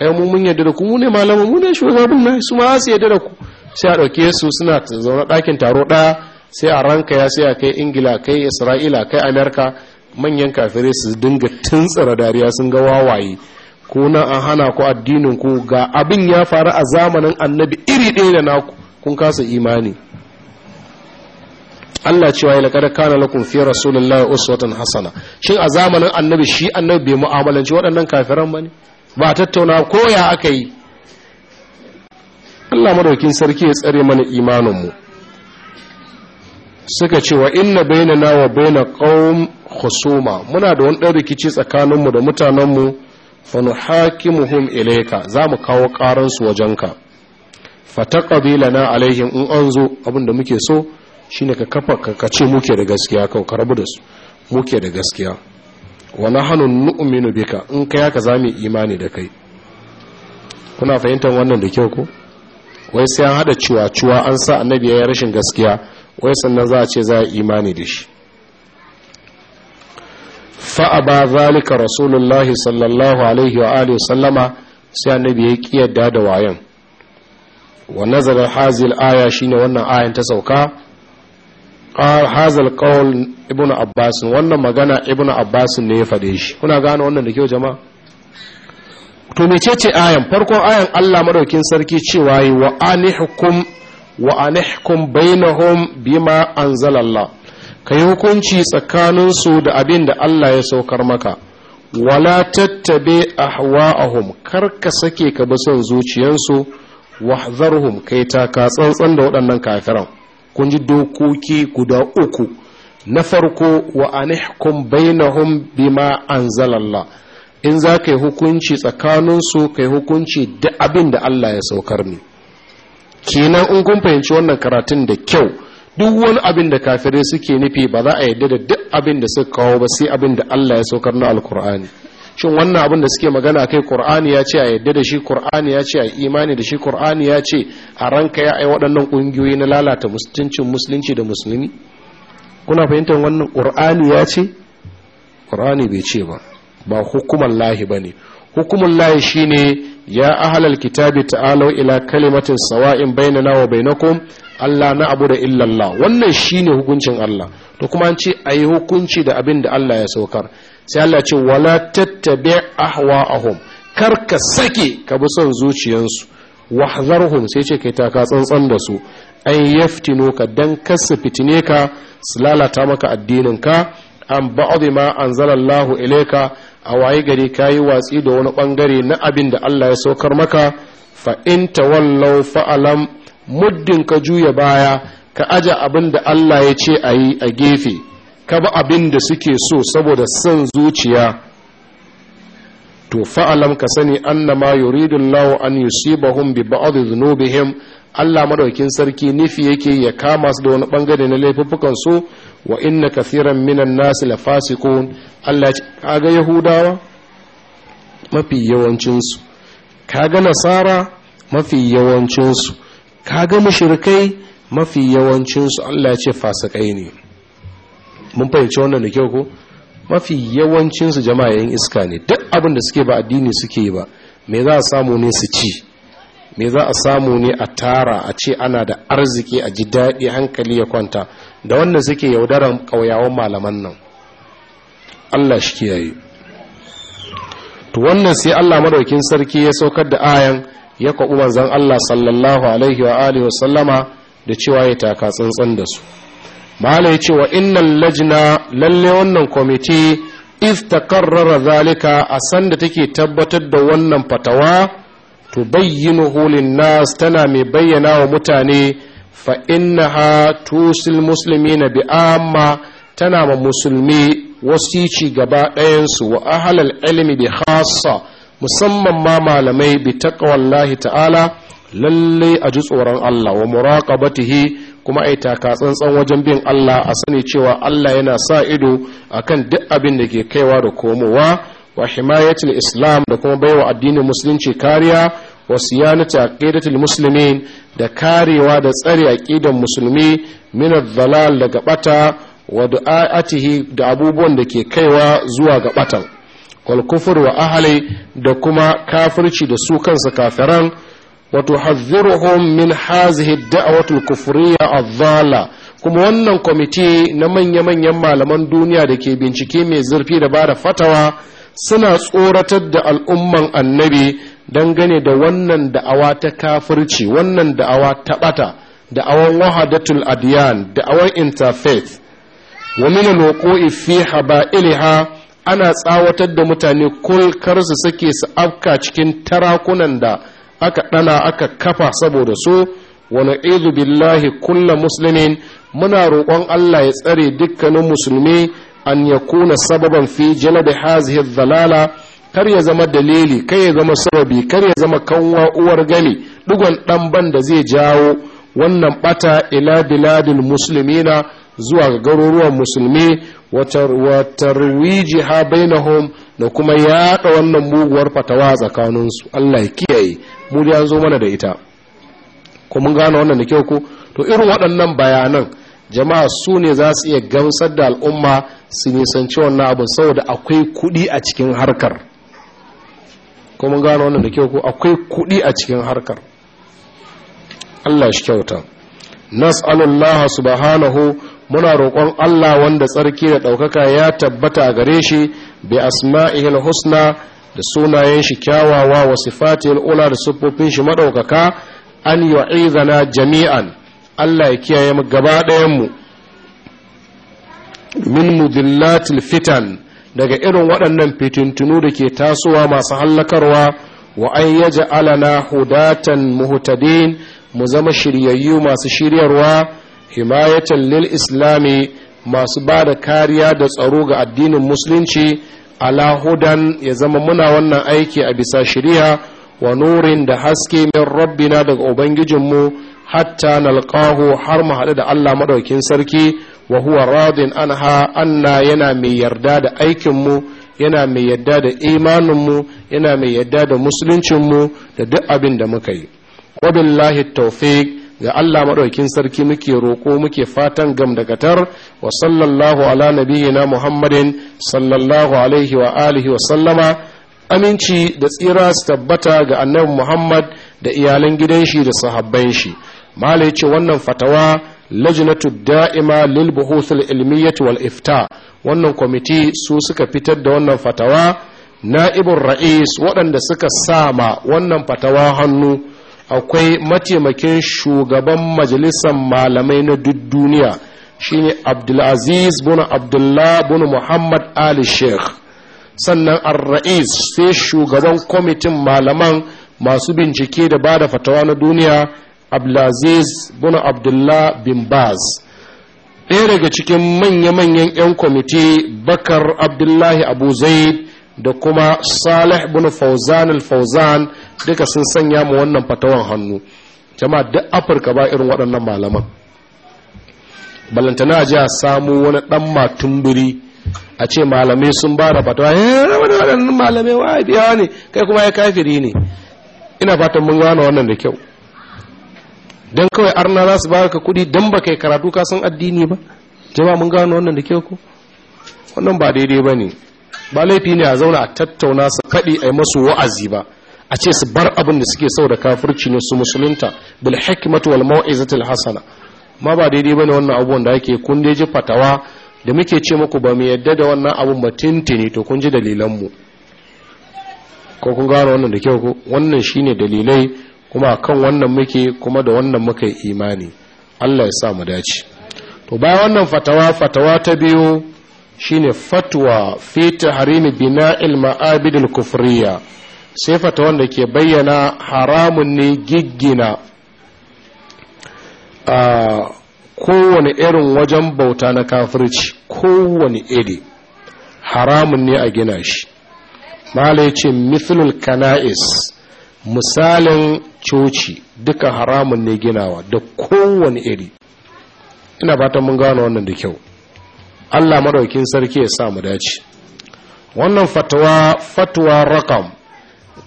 Speaker 1: ai mu mun yadda da ku mu ne malaman mu ne shugaban nan su ma su yadda da ku sai a dauke su suna zaune dakin taro daya sai a ranka ya sai a kai ingila kai isra'ila kai amerika manyan kafirai su dinga tuntsara dariya sun ga wawaye ko nan an hana ku addinin ku ga abin ya faru a zamanin annabi iri ɗaya da naku kun kasa imani Allah cewa ya laƙar kana lakum fi rasulillahi uswatun hasana shin a zamanin annabi shi annabi bai mu'amalanci waɗannan kafiran bane ba tattauna ko ya aka yi Allah madaukin sarki ya tsare mana imanin mu suka ce wa inna bainana wa baina qaum khusuma muna da wani ɗan rikici tsakanin mu da mutanen mu fa ilaika ilayka zamu kawo ƙaran su wajenka na alaihim in an anzo abinda muke so shine ka kafa ka ce muke da gaskiya kau ka rabu da su muke da gaskiya hannun nu'uminu nu'minu bika in kai ka zami imani da kai kuna fahimtar wannan da kyau ko wai sai an haɗa cewa ciwa an sa annabi ya rashin gaskiya wai sannan za a ce za a imani da shi Fa'a ba zalika rasulullahi sallallahu alaihi wa alihi sallama sai annabi ya kiyar da wayan wa nazarar hazil aya shine wannan ayan ta sauka qal hazal qawl ibnu abbas wannan magana ibnu abbas ne ya fade shi kuna gane wannan da kyau jama'a to mecece ayan farkon ayan Allah madaukin sarki cewa yi wa anihkum wa anihkum bainahum bima anzalallah kai hukunci tsakanin su da abin da Allah ya saukar maka wala tattabi ahwa'ahum kar ka sake ka bi son zuciyansu wahzarhum kai ta ka tsantsan da waɗannan kafiran kun ji dokoki guda uku na farko wa anihkum bainahum bima anzalallah in za ka yi hukunci tsakaninsu ka yi hukunci da abin da Allah ya saukar ne kenan in kun fahimci wannan karatun da kyau duk wani abin da kafirai suke nufi ba za a yi da duk abin da suka kawo ba sai abin da Allah ya saukar na alkur'ani shin wannan abin da suke magana kai qur'ani ya ce a yadda da shi qur'ani ya ce a imani da shi qur'ani ya ce a ranka ya ai waɗannan ƙungiyoyi na lalata musuncin musulunci da musulmi kuna fahimtar wannan qur'ani ya ce qur'ani bai ce ba ba hukumar lahi bane hukumar lahi shine ya ahlal kitabi ta'ala ila kalimatin sawa'in bainana wa bainakum Allah na abu da illallah wannan shine hukuncin Allah to kuma an ce ayi hukunci da abin da Allah ya saukar sai Allah ce wala tattabi ahwa'ahum kar ka sake ka bi son zuciyansu wahzarhum sai ce kai taka tsantsan da su an yaftino ka dan kasu fitine ka su lalata maka addinin ka an ba'd ma anzalallahu ilayka a waye gari kayi watsi da wani bangare na abin da Allah ya saukar maka fa in tawallaw fa'alam muddin ka juya baya ka aja abin da Allah ya ce ayi a gefe ka ba abin da suke so saboda son zuciya to fa'alam ka sani annama Lawo, an yusibahum bi ba'd dhunubihim Allah madaukin sarki nufi yake ya kama su da wani bangare na laifuffukan su wa inna kathiran minan nasi la fasiqun Allah kaga yahudawa mafi yawancinsu, kaga nasara mafi yawancinsu, kaga mashirkai mafi yawancinsu. Allah ce fasikai ne mun fahimci wannan da kyau ko mafi yawancinsu jama'a yan iska ne duk abin da suke ba addini suke yi ba me za a samu ne su ci me za a samu ne a tara a ce ana da arziki a ji daɗi hankali ya kwanta da wannan suke yaudaran ƙauyawan malaman nan allah shi kiyaye to wannan sai allah madaukin sarki ya saukar da ayan ya kwaɓi manzan allah sallallahu alaihi wa alihi wa sallama da cewa ya taka tsantsan da su mala ya ce wa innan lajina lalle wannan kwamiti istakarrara zalika a sanda take tabbatar da wannan fatawa to bayyana holin nas tana mai bayyana wa mutane fa ha tusil musulmi na bi'amma tana ma musulmi wasici gaba ɗayansu wa ahalal ilimi bi khassa musamman ma malamai bi taqwallahi ta'ala lalle a ji tsoron Allah wa muraqabatihi kuma ai taka tsantsan wajen bin Allah a sani cewa Allah yana sa ido akan duk abin da ke kaiwa da komowa wa himayatul islam da kuma baiwa addinin musulunci kariya wa siyanata aqidatul musulmi. da karewa da tsare aqidan musulmi min dhalal daga bata wa du'atihi da abubuwan da ke kaiwa zuwa ga batan wal kufur wa ahli da kuma kafirci da su kansa kafiran Wato وتحذرهم من هذه الدعوة الكفرية الضالة kuma wannan kwamiti na manya-manyan malaman duniya da ke bincike mai zurfi da ba da fatawa suna tsoratar da al'umman annabi dangane da wannan da'awa ta kafirci wannan da'awa ta ɓata, da'awan wahadatul adiyan da'awan interfaith wa min alwuqu'i fi haba'iliha ana tsawatar da mutane kul kar su sake su afka cikin tarakunan da aka ɗana aka kafa saboda su wani izu billahi kulla musulmin muna roƙon allah ya tsare dukkanin musulmi an ya kuna sababan fi da hazihi zalala kar ya zama dalili kar ya zama sababi kar ya zama kanwa uwar gani ɗigon ɗan ban da zai jawo wannan bata ila musulmina zuwa ga garuruwan musulmi wa ha bainahum da kuma yaɗa wannan muguwar fatawa tsakaninsu Allah ya kiyaye mu da zo mana da ita ko mun gano wannan da kyau ko to irin waɗannan bayanan jama'a su ne za su iya gamsar da al'umma su nisanci wannan abu saboda akwai kuɗi a cikin harkar ko mun gano wannan da kyau ko akwai kuɗi a cikin harkar Allah shi kyauta nas'alullaha subhanahu muna roƙon Allah wanda tsarki da ɗaukaka ya tabbata gare shi bi asma'ihil husna da sunayen shi kyawawa wa sifati ula da siffofin shi madaukaka an yu'izana jami'an Allah ya kiyaye mu gaba ɗayan mu min mudillatil fitan daga irin waɗannan fitintunu da ke tasowa masu hallakarwa wa an yaja alana hudatan muhtadin mu zama shiryayyu masu shiryarwa himayatan lil islami masu ba da kariya da tsaro ga addinin musulunci ala hudan ya zama muna wannan aiki a bisa shari'a wa nurin da haske min rabbina daga ubangijinmu hatta nalqahu har mu haɗu da Allah madaukin sarki wa huwa radin anha anna yana mai yarda da aikin mu yana mai yarda da imaninmu yana mai yarda da musuluncinmu da duk abin da muka yi billahi tawfiq ga Allah maɗaukin sarki muke roƙo muke fatan gam da gatar wa sallallahu ala nabiyyina muhammadin sallallahu alaihi wa alihi wa sallama aminci da tsira su tabbata ga annabi muhammad da iyalan gidan shi da sahabban shi mala ce wannan fatawa lajnatu da'ima lil buhuthul ilmiyyah wal ifta wannan kwamiti su suka fitar da wannan fatawa na'ibin ra'is waɗanda suka sama wannan fatawa hannu akwai mataimakin shugaban majalisar malamai na duk duniya shine abdulaziz bin abdullah bin muhammad ali sheikh sannan ar-ra'is sai shugaban kwamitin malaman masu bincike da ba da fatawa na duniya abdulaziz bin abdullah bin baz ɗaya daga cikin manya-manyan 'yan kwamiti bakar abdullahi abu zaid da kuma salih bin fauzan al-fauzan duka sun sanya mu wannan fatawan hannu jama'a duk afirka ba irin waɗannan malaman balantana ji a samu wani ɗan matumburi a ce malamai sun ba da fatawa ya eh, wani waɗannan malamai wa biya ne kai kuma ya kafiri ne ina fatan mun gano wannan da kyau don kawai arna za su baka kuɗi don ba kai karatu ka san addini ba jama'a mun gano wannan da kyau ko wannan ba daidai ba ne ba laifi ne a zauna a tattauna su kaɗi a yi masu wa'azi ba a ce su bar abin da suke sau da kafirci ne su musulunta bil hikmatu wal mau'izatil hasana ma ba daidai bane wannan abubuwan da ake kun ji fatawa da muke ce muku ba mu yadda da wannan abun ba tintini to kun ji dalilan mu ko kun gano wannan da kyau ko wannan shine dalilai kuma kan wannan muke kuma da wannan muka yi imani Allah ya sa mu dace to bayan wannan fatawa fatawa ta biyu shine fatwa fi tahrimi bina'il ma'abid al-kufriya sai fata wanda ke bayyana haramun ne giggina a kowane irin wajen bauta na kafirci kowane iri haramun ne a gina shi mala ya ce mithlul kana'is misalin coci duka haramun ne ginawa da kowane iri ina fatan mun gano wannan da kyau Allah madaukin sarki ya sa mu dace wannan fatawa fatwa rakam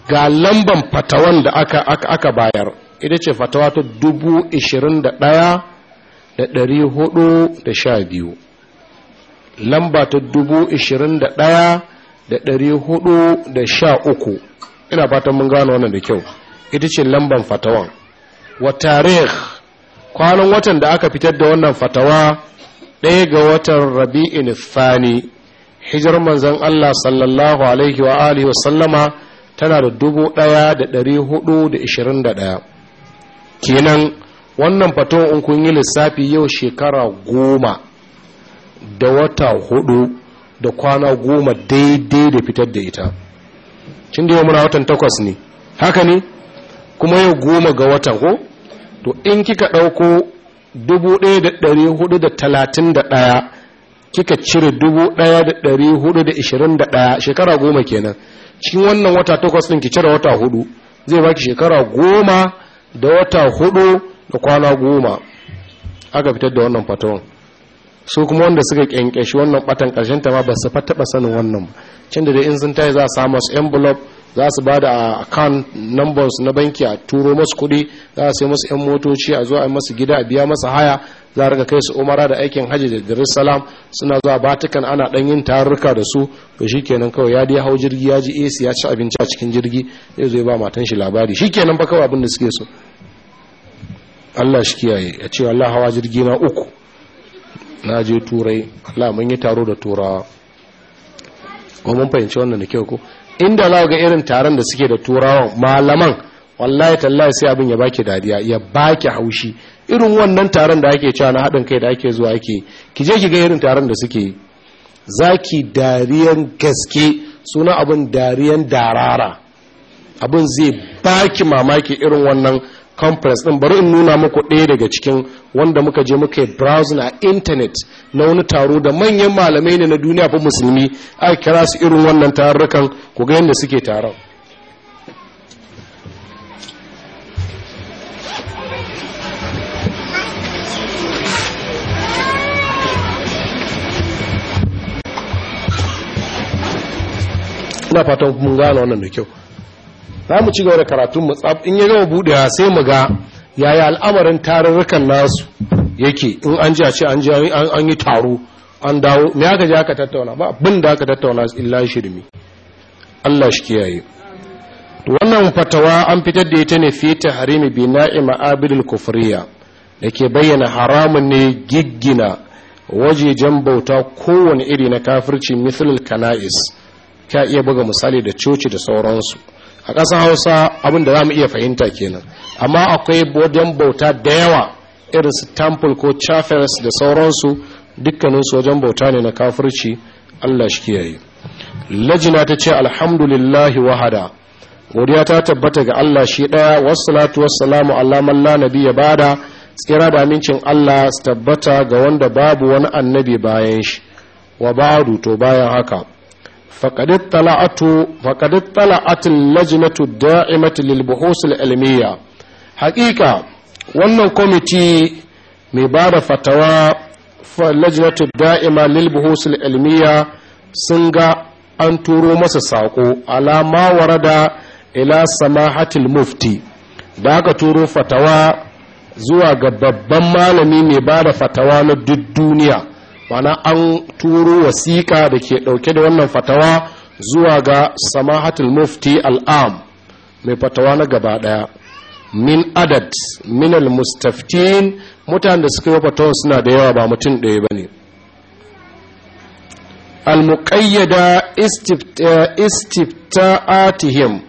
Speaker 1: ga lamban fatawan da aka aka, aka bayar ita ce fatawa ta 21412 lamba ta 21413 ina fatan mun gano wannan da kyau ita ce lamban fatawan wa tarikh kwanan watan da aka fitar da wannan fatawa ɗaya ga watan rabi'in fani hijar manzan Allah sallallahu alaihi wa alihi wa sallama tana da dubu ɗaya da ɗari hudu da ishirin da ɗaya kenan wannan fato in kun yi lissafi yau shekara goma da wata hudu da kwana goma daidai da fitar da ita cin da muna watan takwas ne haka ne kuma yau goma ga watan ko to in kika ɗauko ɗaya kika cire ɗaya shekara goma kenan cikin wannan wata takwas ɗin ki cire wata hudu zai baki shekara goma da wata hudu da kwana goma aka fitar da wannan fatawan su kuma wanda suka kyankyashi wannan batan karshen ta ma ba su sanin wannan ba cin da in sun tayi za a samu su envelope za su ba da account numbers na banki a turo masu kuɗi za a yi masu 'yan motoci a zuwa a masu gida a biya masu haya za a kai su umara da aikin hajji da salam. suna zuwa batukan ana ɗan yin tarurruka da su to shi kenan kawai ya hau jirgi ya ji ac ya ci abinci a cikin jirgi zai zo ba matan shi labari shi kenan ba kawai abin da suke so allah shi kiyaye ya ce allah hawa jirgi na uku na je turai allah mun yi taro da turawa ko mun fahimci wannan da kyau ko inda za ga irin taron da suke da turawan malaman wallahi tallahi sai abin ya baki dariya ya baki haushi irin wannan taron da ake cewa na haɗin kai da ake zuwa ake ki je ki ga irin taron da suke zaki dariyan gaske suna abin dariyan darara abin zai baki mamaki irin wannan conference ɗin bari in nuna muku ɗaya daga cikin wanda muka je muka yi browse a internet na wani taro da manyan malamai ne na duniya fa musulmi aka kira su irin wannan tarurrukan ku ga yadda suke taron ina fata mun gane wannan da kyau za mu ci gaba da karatun mu tsaf in ya gama budewa sai mu ga yaya al'amarin tarurrukan nasu yake in an ji a ce an ji an yi taro an dawo me aka ji aka tattauna ba abin da aka tattauna illa shirmi Allah shi kiyaye wannan fatawa an fitar da ita ne fi bi na'ima ma'abidul kufriya dake bayyana haramun ne giggina wajejen bauta kowane iri na kafirci misalul kana'is ka iya buga misali da coci da sauransu a ƙasar hausa abin da za mu iya fahimta kenan amma akwai wajen bauta da yawa irin su temple ko chafers da sauransu dukkaninsu wajen bauta ne na kafirci allah shi kiyaye lajina ta ce alhamdulillahi wahada godiya ta tabbata ga allah shi ɗaya wassalatu wassalamu salamu lanabi Lanabi ya bada tsira da amincin allah su tabbata ga wanda babu wani annabi bayan shi wa to bayan haka faƙadit tala'atin lajinatu da'imatu lilbuhusul ilmiya haƙiƙa wannan kwamiti mai ba da fatawa lajinatu da'ima lilbuhusul ilmiya sun ga an turo masa saƙo alama warada ila samahatil mufti da aka turo fatawa zuwa ga babban malami mai ba da fatawa na duk duniya mana an turo wasiƙa da ke ɗauke da wannan fatawa zuwa ga samahatul mufti al'am mai fatawa na gaba ɗaya min adad min al-mustaftin mutanen da suka yi fatawa suna da yawa ba mutum ɗaya ba ne al-muqayyada istifta'atihim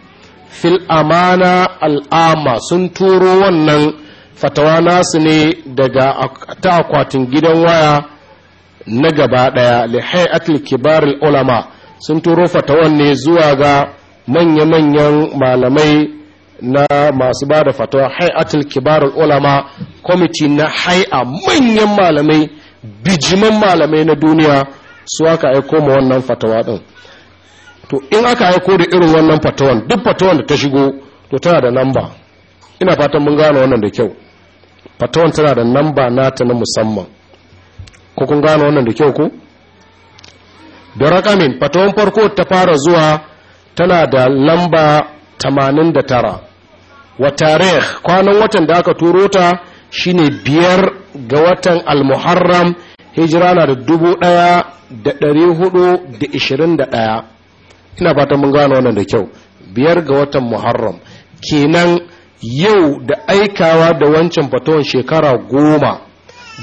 Speaker 1: fil amana al'ama sun turo wannan fatawa nasu ne daga ta akwatin gidan waya na gaba ɗaya lihai'atul kibarul ulama sun turo fatawan ne zuwa ga manya-manyan malamai na masu ba da fatawa hai'atul kibarul ulama kwamiti na hai'a manyan malamai bijiman malamai na duniya su aka aiko ma wannan fatawa ɗin to in aka aiko da irin wannan fatawan duk fatawan da ta shigo to tana da namba ina fatan mun gane wannan da kyau fatawan tana da namba nata na musamman ko kun gano wannan da kyau ko da rakamin fatawan farko ta fara zuwa tana da lamba 89 wa tarih kwanan watan da aka turo ta shine biyar ga watan almuharram hijira na da dubu ɗaya da ɗari da ishirin da ɗaya ina fatan mun gano wannan da kyau biyar ga watan muharram kenan yau da aikawa da wancan fatawan shekara goma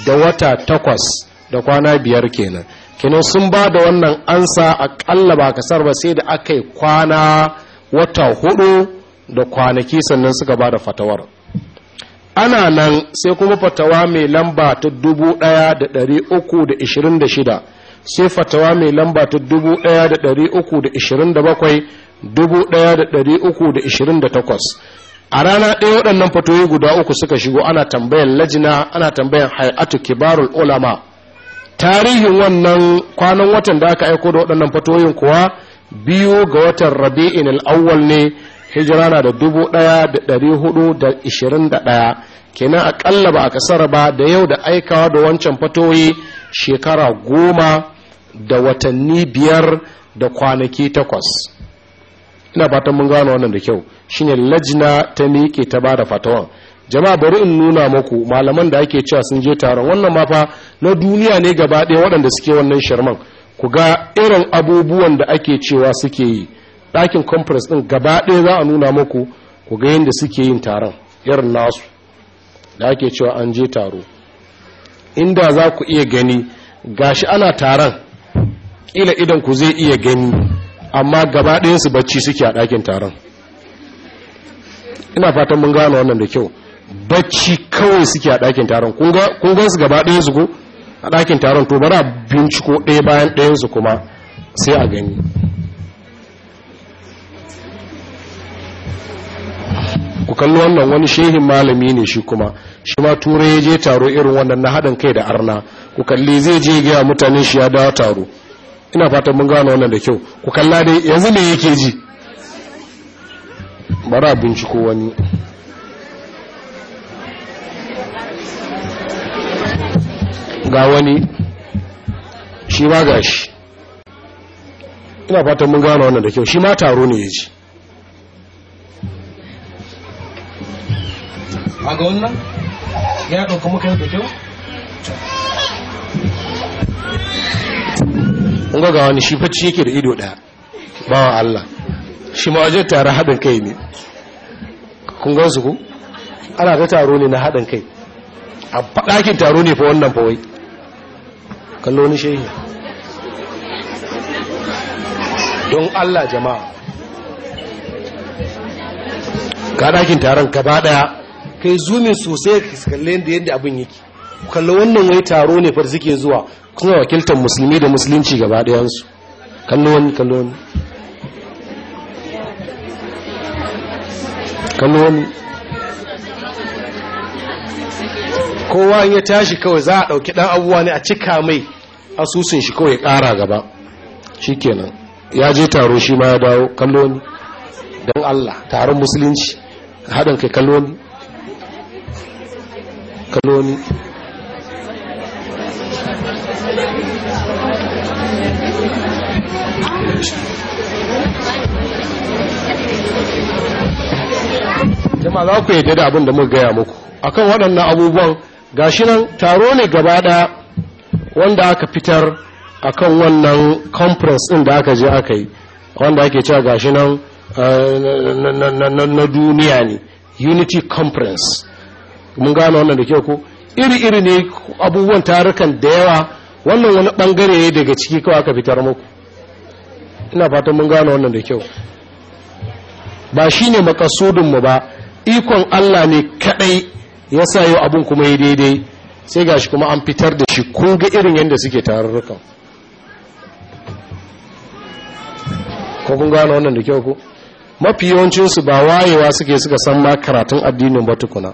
Speaker 1: da wata takwas da kwana biyar kenan kenan sun ba da wannan ansa a ƙalla ba kasar ba sai da aka yi kwana wata hudu da kwanaki sannan suka ba da fatawar ana nan sai kuma fatawa mai lamba ta dubu da da da uku ishirin shida, sai fatawa mai lamba ta dubu dubu da da da da da uku uku ishirin ishirin bakwai, da takwas. a rana ɗaya waɗannan fatoyi guda uku suka shigo ana tambayan lajina ana tambayan hay'atu kibarul ulama tarihin wannan kwanan watan da aka aiko da waɗannan fatoyin kuwa biyu ga watan rabi'in al'awwal ne hijira na da dubu ɗaya da ɗari hudu da ishirin da ɗaya kenan aƙalla ba a kasar ba da yau da aikawa da wancan fatoyi shekara goma da watanni biyar da kwanaki takwas ina fatan mun gano wannan da kyau shine lajina ta miƙe ta ba da fatawan jama'a bari in nuna muku malaman da ake cewa sun je taron wannan ma na duniya ne gaba ɗaya waɗanda suke wannan sharman ku ga irin abubuwan da ake cewa suke yi ɗakin conference ɗin gaba ɗaya za a nuna muku ku ga yadda suke yin taron irin nasu da ake cewa an je taro inda za ku iya gani gashi ana taron ƙila idan ku zai iya gani amma gaba ɗayansu bacci suke a ɗakin taron ina fatan mun gane wannan da kyau bacci kawai suke a ɗakin taron kun gan su gaba ɗaya su a ɗakin taron to bara binciko ɗaya bayan ɗayan su kuma sai a gani ku kalli wannan wani shehin malami ne shi kuma shi ma turai ya je taro irin wannan na haɗin kai da arna ku kalli zai je gaya mutane shi ya dawo taro ina fatan mun gane wannan da kyau ku kalla dai yanzu ne yake ji bara binciko wani ga wani shi ma ga shi ina fatan mun gano wannan da kyau shi ma taro ne ya ji a ga wannan ya ɗauka muka da kyau unga ga wani shi facci yake da ido daya bawa Allah shi ma wajen tare haɗin kai ne kun gansu ku ana ta taro ne na haɗin kai a ɗakin taro ne fa wannan fa wai kallo ni shehi don Allah jama'a Ka ɗakin taron ba ɗaya kai zumin sosai ka kalle da yadda abin yake kallo wannan wai taro ne fa suke zuwa kuma wakiltar musulmi da musulunci gaba ɗayansu kallo wani kallo wani kallo wani kowa ya tashi kawai za a ɗauki ɗan abubuwa ne a cika mai asusun shi kawai ƙara gaba shi kenan ya je taro shi ma ya dawo kallo ni don allah taron musulunci haɗin kai kallo ni kallo jama'a za ku yadda da abin da muka gaya muku akan waɗannan abubuwan gashi nan taro ne gaba ɗaya wanda aka fitar a kan wannan conference ɗin da aka je aka yi wanda ake cewa gashi nan eh, na duniya ne unity conference mun gane wannan da kyau ko iri-iri ne abubuwan tarukan da yawa wannan wani bangare ne daga ciki kawai aka fitar muku ina fatan mun gane wannan da kyau ba shi ne makasudinmu ba ikon Allah ne kadai ya sa yau abin kuma ya daidai sai gashi kuma an fitar da shi kunga ga irin yadda suke tarurrukan ko kun gano wannan da kyau ku mafi yawancinsu ba wayewa suke suka san ma karatun addinin ba tukuna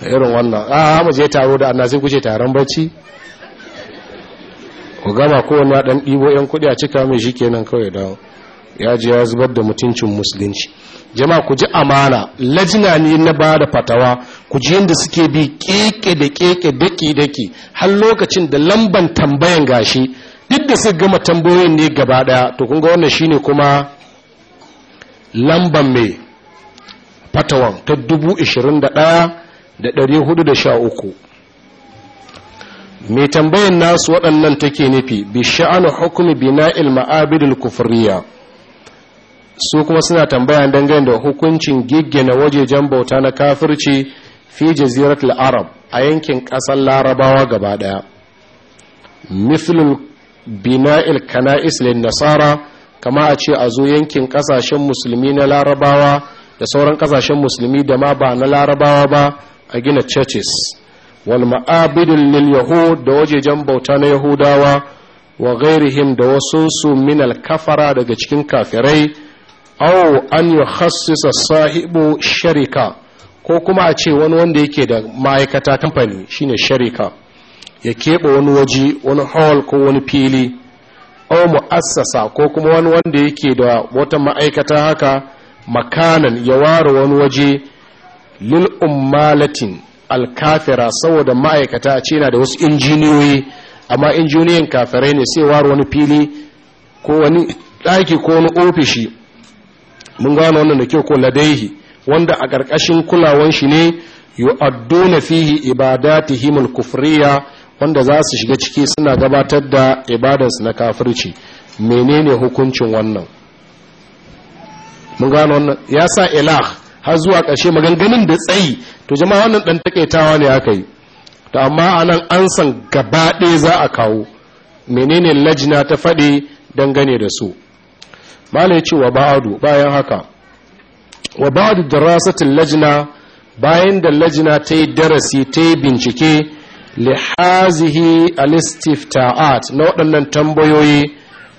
Speaker 1: da irin wannan a ah, mu je taro da annasai kuce taron bacci ku gama kowane ɗan ɗibo 'yan kuɗi a cika mai shi kenan kawai dawo ya ji ya zubar da mutuncin musulunci jama ku ji amana lajina ne na ba da fatawa ku ji yadda suke bi keke da keke daki daki har lokacin da lamban tambayan gashi duk da su gama tambayoyin ne gaba daya to kun ga wannan shine kuma lamban mai fatawan ta uku. mai tambayin nasu waɗannan take nufi bi sha'anu hukumi bina'il ma'abidul kufuriya su kuma suna tambaya dangane da hukuncin giggina wajejen bauta na kafirci fi jaziratul arab a yankin ƙasar larabawa gaba ɗaya mithlul bina'il kana'is lin nasara kama a ce a zo yankin ƙasashen musulmi na larabawa da sauran ƙasashen musulmi da ma ba na larabawa ba a gina churches wal ma'abidul lil yahud da wajejen bauta na yahudawa wa ghairihim da wasu su min al kafara daga cikin kafirai aw an yukhassisa sahibu sharika ko kuma a ce wani wanda yake da ma'aikata kamfani shine sharika ya keɓe wani waje wani hall ko wani fili aw mu'assasa ko kuma wani wanda yake da wata ma'aikata haka makanan ya ware wani waje lil ummalatin alkafira saboda ma'aikata a ce na da wasu injiniyoyi amma injiniyan kafirai ne sai ware wani fili ko wani ɗaki ko wani ofishi mun gano wannan da kyau ko ladaihi wanda a ƙarƙashin kulawan shi ne yu'adduna fihi ibadatihim al-kufriya wanda za su shiga ciki suna gabatar da ibadarsu na kafirci menene hukuncin wannan mun gano wannan ya sa ilah har zuwa ƙarshe maganganun da tsayi to jama'a wannan dan takaitawa ne aka yi to amma anan an san gaba ɗaya za a kawo menene lajna ta faɗi dangane da su mala ya ce wa ba'adu bayan haka wa ba'adu darasatin lajina bayan da lajina ta yi darasi ta yi bincike lihazihi alistifta'at na waɗannan tambayoyi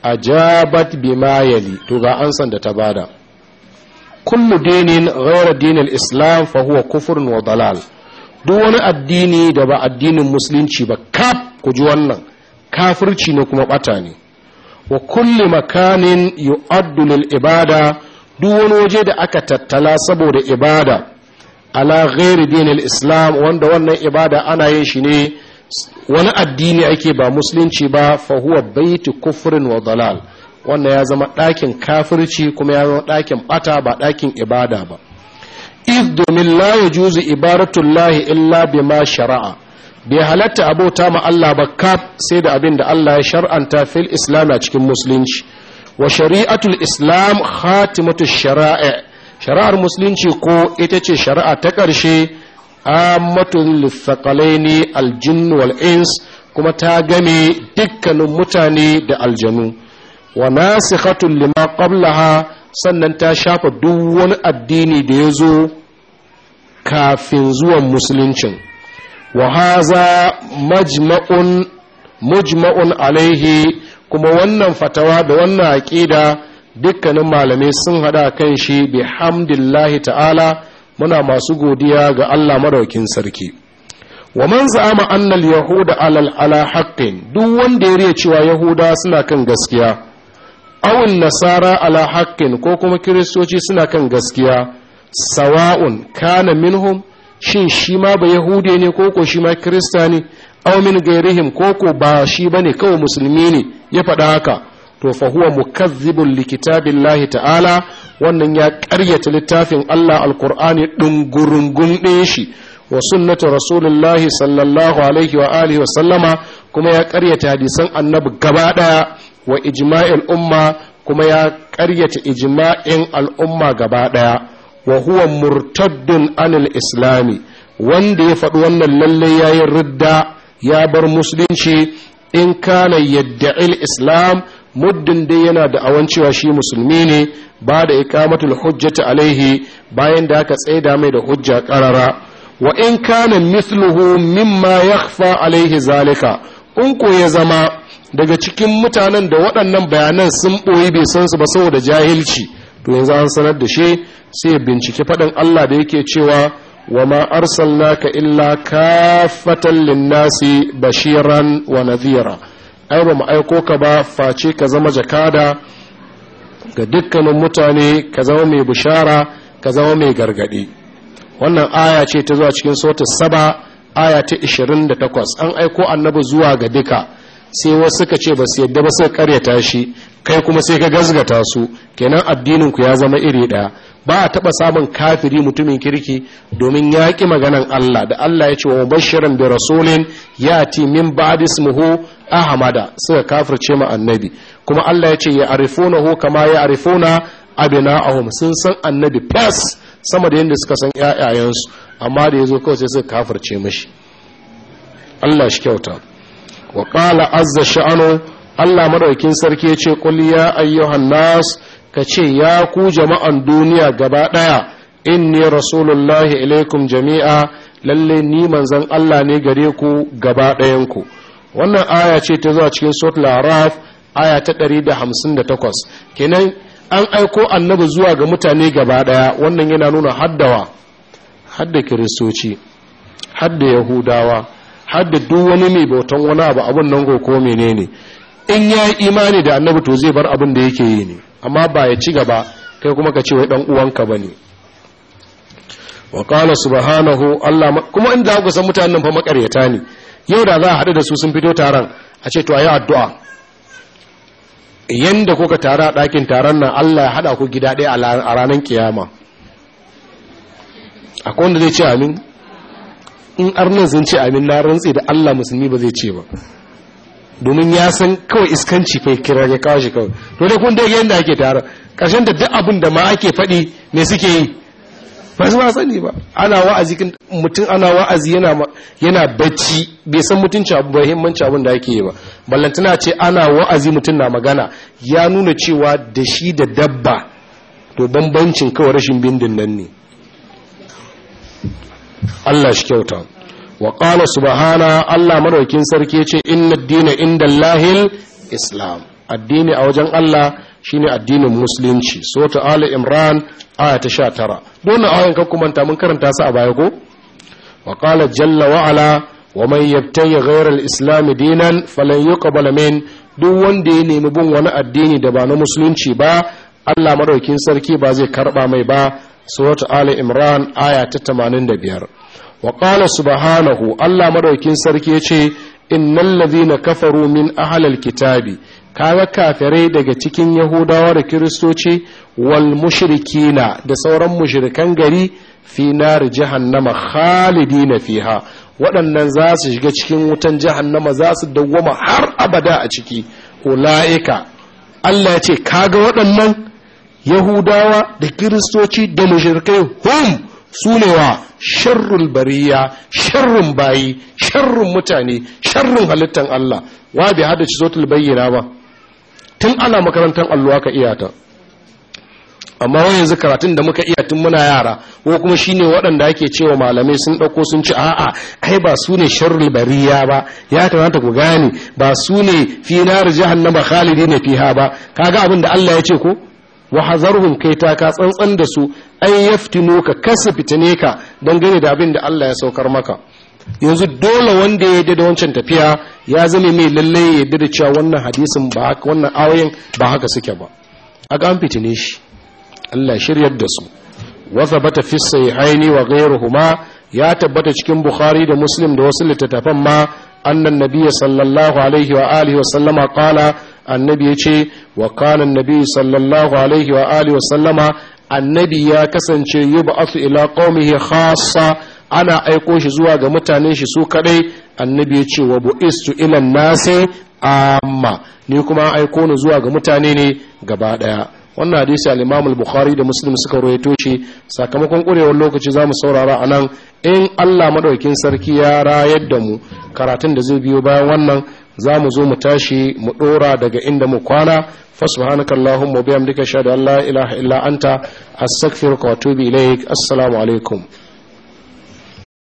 Speaker 1: a jabat bimayali to ga ansan da ta bada kullu dinin ghairar dinin islam fa kufurin wa dalal duk wani addini da ba addinin musulunci ba kaf ku ji wannan kafirci ne kuma ɓata ne wa kulli makanin yu'addu lil ibada duk wani waje da aka tattala saboda ibada ala ghairi dinil islam wanda wannan ibada ana yin shi ne wani addini ake ba musulunci ba fa huwa baiti kufrin wa dalal wannan ya zama ɗakin kafirci kuma ya zama ɗakin bata ba ɗakin ibada ba idh domin la yajuzu ibaratullahi illa bima shari'a bai halatta abota ma Allah ba kaf sai da abin da Allah ya shar'anta fil islam a cikin musulunci wa shari'atul islam khatimatu shara'i shari'ar musulunci ko ita ce shari'a ta ƙarshe ammatul lithaqalaini aljinn wal ins kuma ta game dukkanin mutane da aljanu wa nasikhatul lima qablaha sannan ta shafa duk wani addini da ya zo kafin zuwan musuluncin Wahaza haza majma'un mujma'un alaihi kuma wannan fatawa da wannan aƙida dukkanin malamai sun haɗa kan shi bi ta'ala muna masu godiya ga Allah madaukin sarki wa man za'ama anna al-yahuda ala ala haqqin duk wanda ya riya cewa yahuda suna kan gaskiya aw nasara ala haqqin ko kuma kiristoci suna kan gaskiya sawa'un kana minhum shin shi ma ba yahudi ne ko ko shi ma kirista ne aw min gairihim ko ko ba shi bane kawai musulmi ne ya faɗa haka to fa huwa mukazzibun li ta'ala wannan ya ƙaryata littafin Allah alqur'ani dungurungun ɗin shi wa sunnatu rasulillahi sallallahu alaihi wa alihi wa sallama kuma ya ƙaryata hadisan annabi gaba ɗaya wa ijma'il umma kuma ya ƙaryata ijma'in al'umma gaba ɗaya wa huwa murtaddun anil islami wanda ya faɗi wannan lalle yayin ridda ya bar musulunci in kana yadda'il islam muddin dai yana da awan cewa shi musulmi ne ba da iqamatul hujjati alaihi bayan da aka tsaida mai da hujja karara wa in kana misluhu mimma yakhfa alaihi zalika in ko ya zama daga cikin mutanen da waɗannan bayanan sun ɓoyi bai san su ba saboda jahilci to yanzu an sanar da shi sai bincike faɗin Allah da yake cewa wa ma arsalnaka illa kafatan linnasi bashiran wa nadhira ai ba mu aiko ka ba face ka zama jakada ga dukkanin mutane ka zama mai bishara ka zama mai gargadi wannan aya ce ta zuwa cikin sota saba aya ta 28 an aiko annabi zuwa ga duka sai wasu suka ce ba su yadda ba suka karyata shi kai kuma sai ka gazgata su kenan addinin ku ya zama iri ɗaya ba a taɓa samun kafiri mutumin kirki domin ya ƙi maganan Allah da Allah ya ce wa mubashirin da rasulin ya ti min a hamada ahmada suka kafirce ma annabi kuma Allah ya ce ya ho kama ya arifuna abina'ahum sun san annabi fas sama da yadda suka san ƴaƴayensu amma da yazo kawai sai suka kafirce mashi. Allah shi kyauta Waƙala azza sha'anu Allah maɗaukin sarki ya ce qul ya ayyuhan nas ce ya ku jama'an duniya gaba in inni rasulullahi ilaikum jami'a lalle ni manzon Allah ne gare ku gaba ɗayanku? wannan aya ce ta zuwa cikin sot laraf aya ta ɗari da da 158 kenan an aiko annabi zuwa ga mutane gaba ɗaya. wannan yana nuna haddawa hadda kiristoci hadda yahudawa har duk wani mai bautan wani abu abun nan go ko menene in ya yi imani da annabi to zai bar abin da yake yi ne amma ba ya ci gaba kai kuma ka ce wai dan uwanka bane wa qala subhanahu allah kuma inda ku san mutanen fa makaryata ne yau da za a haɗu da su sun fito taron a ce to ayi addu'a yanda kuka tara dakin taron nan allah ya haɗa ku gida ɗaya a ranar kiyama akwai wanda zai ce amin in arnan sun ce amin na rantse da Allah musulmi ba zai ce ba domin ya san kawai iskanci fai kira ya kawo shi kawai to da kun dai yanda ake tara ƙarshen da duk abin da ma ake faɗi me suke yi ba su ba sani ba ana wa'azi mutum ana wa'azi yana yana bacci bai san mutunci abu himmanci abin da ake yi ba ballantana ce ana wa'azi mutum na magana ya nuna cewa da shi da dabba to bambancin kawai rashin bindin nan ne Allah shi kyauta wa qala subhana Allah madaukin sarki ce inna dina inda lahil islam addini a wajen Allah shine addinin musulunci sota ali imran aya ta sha 19 don ayan ka manta mun karanta su a baya ko wa qala jalla wa'ala wa man yabtayi ghayra al-islam dinan falan yuqbal min duk wanda ya nemi bin wani addini da ba na musulunci ba Allah madaukin sarki ba zai karba mai ba suratu ali imran aya ta tamanin 85 wa qala subhanahu Allah madaukin sarki yace innal na kafaru min halal kitabi kaga kafare daga cikin yahudawa da kiristoci wal mushrikina da sauran mushrikan gari fi nar jahannama khalidina fiha waɗannan za su shiga cikin wutan jahannama za su dawwama har abada a ciki ula'ika Allah ya ce kaga waɗannan yahudawa da kiristoci da mushrikai hum su ne wa sharrul bariya sharrun bayi sharrun mutane sharrun halittar Allah wa bai hada ci zotul bayyana ba tun ana makarantar alluwa ka iyata amma wani yanzu karatun da muka iya tun muna yara ko kuma shine waɗanda ake cewa malamai sun ɗauko sun ci a'a ai ba su ne sharrul bariya ba ya kamata ku gane ba su ne fi na jahannama khalidi ne fiha ba kaga abin da Allah ya ce ko wa hazarhum kai ta ka tsantsan da su an yaftinu ka kasu fitine ka dangane da abin da Allah ya saukar maka yanzu dole wanda ya yarda da wancan tafiya ya zame mai lallai ya yarda da cewa wannan hadisin ba haka wannan ayoyin ba haka suke ba aka an fitine shi Allah shiryar da su wa thabata fi sahihaini wa ghayruhuma ya tabbata cikin Bukhari da Muslim da wasu littattafan ma annan nabiyyi sallallahu alaihi wa alihi wa sallama qala annabi ya ce wa kanan nabi sallallahu alaihi wa alihi wasallama annabi ya kasance yub'athu ila qaumihi hasa ana aiko shi zuwa ga mutanen shi su kadai annabi ya ce wa bu'istu ila nasi amma ni kuma aiko ni zuwa ga mutane ne gaba ɗaya. wannan hadisi al bukhari da Muslim suka rawaito shi sakamakon kurewar lokaci zamu saurara anan in Allah maɗaukin sarki ya rayar da mu karatun da zai biyo bayan wannan za mu zo mu tashi mu ɗora daga inda mu kwana fasbahanaka Allahumma biyamdika shahadu an la ilaha illa anta astaghfiruka wa atubu ilaik assalamu alaikum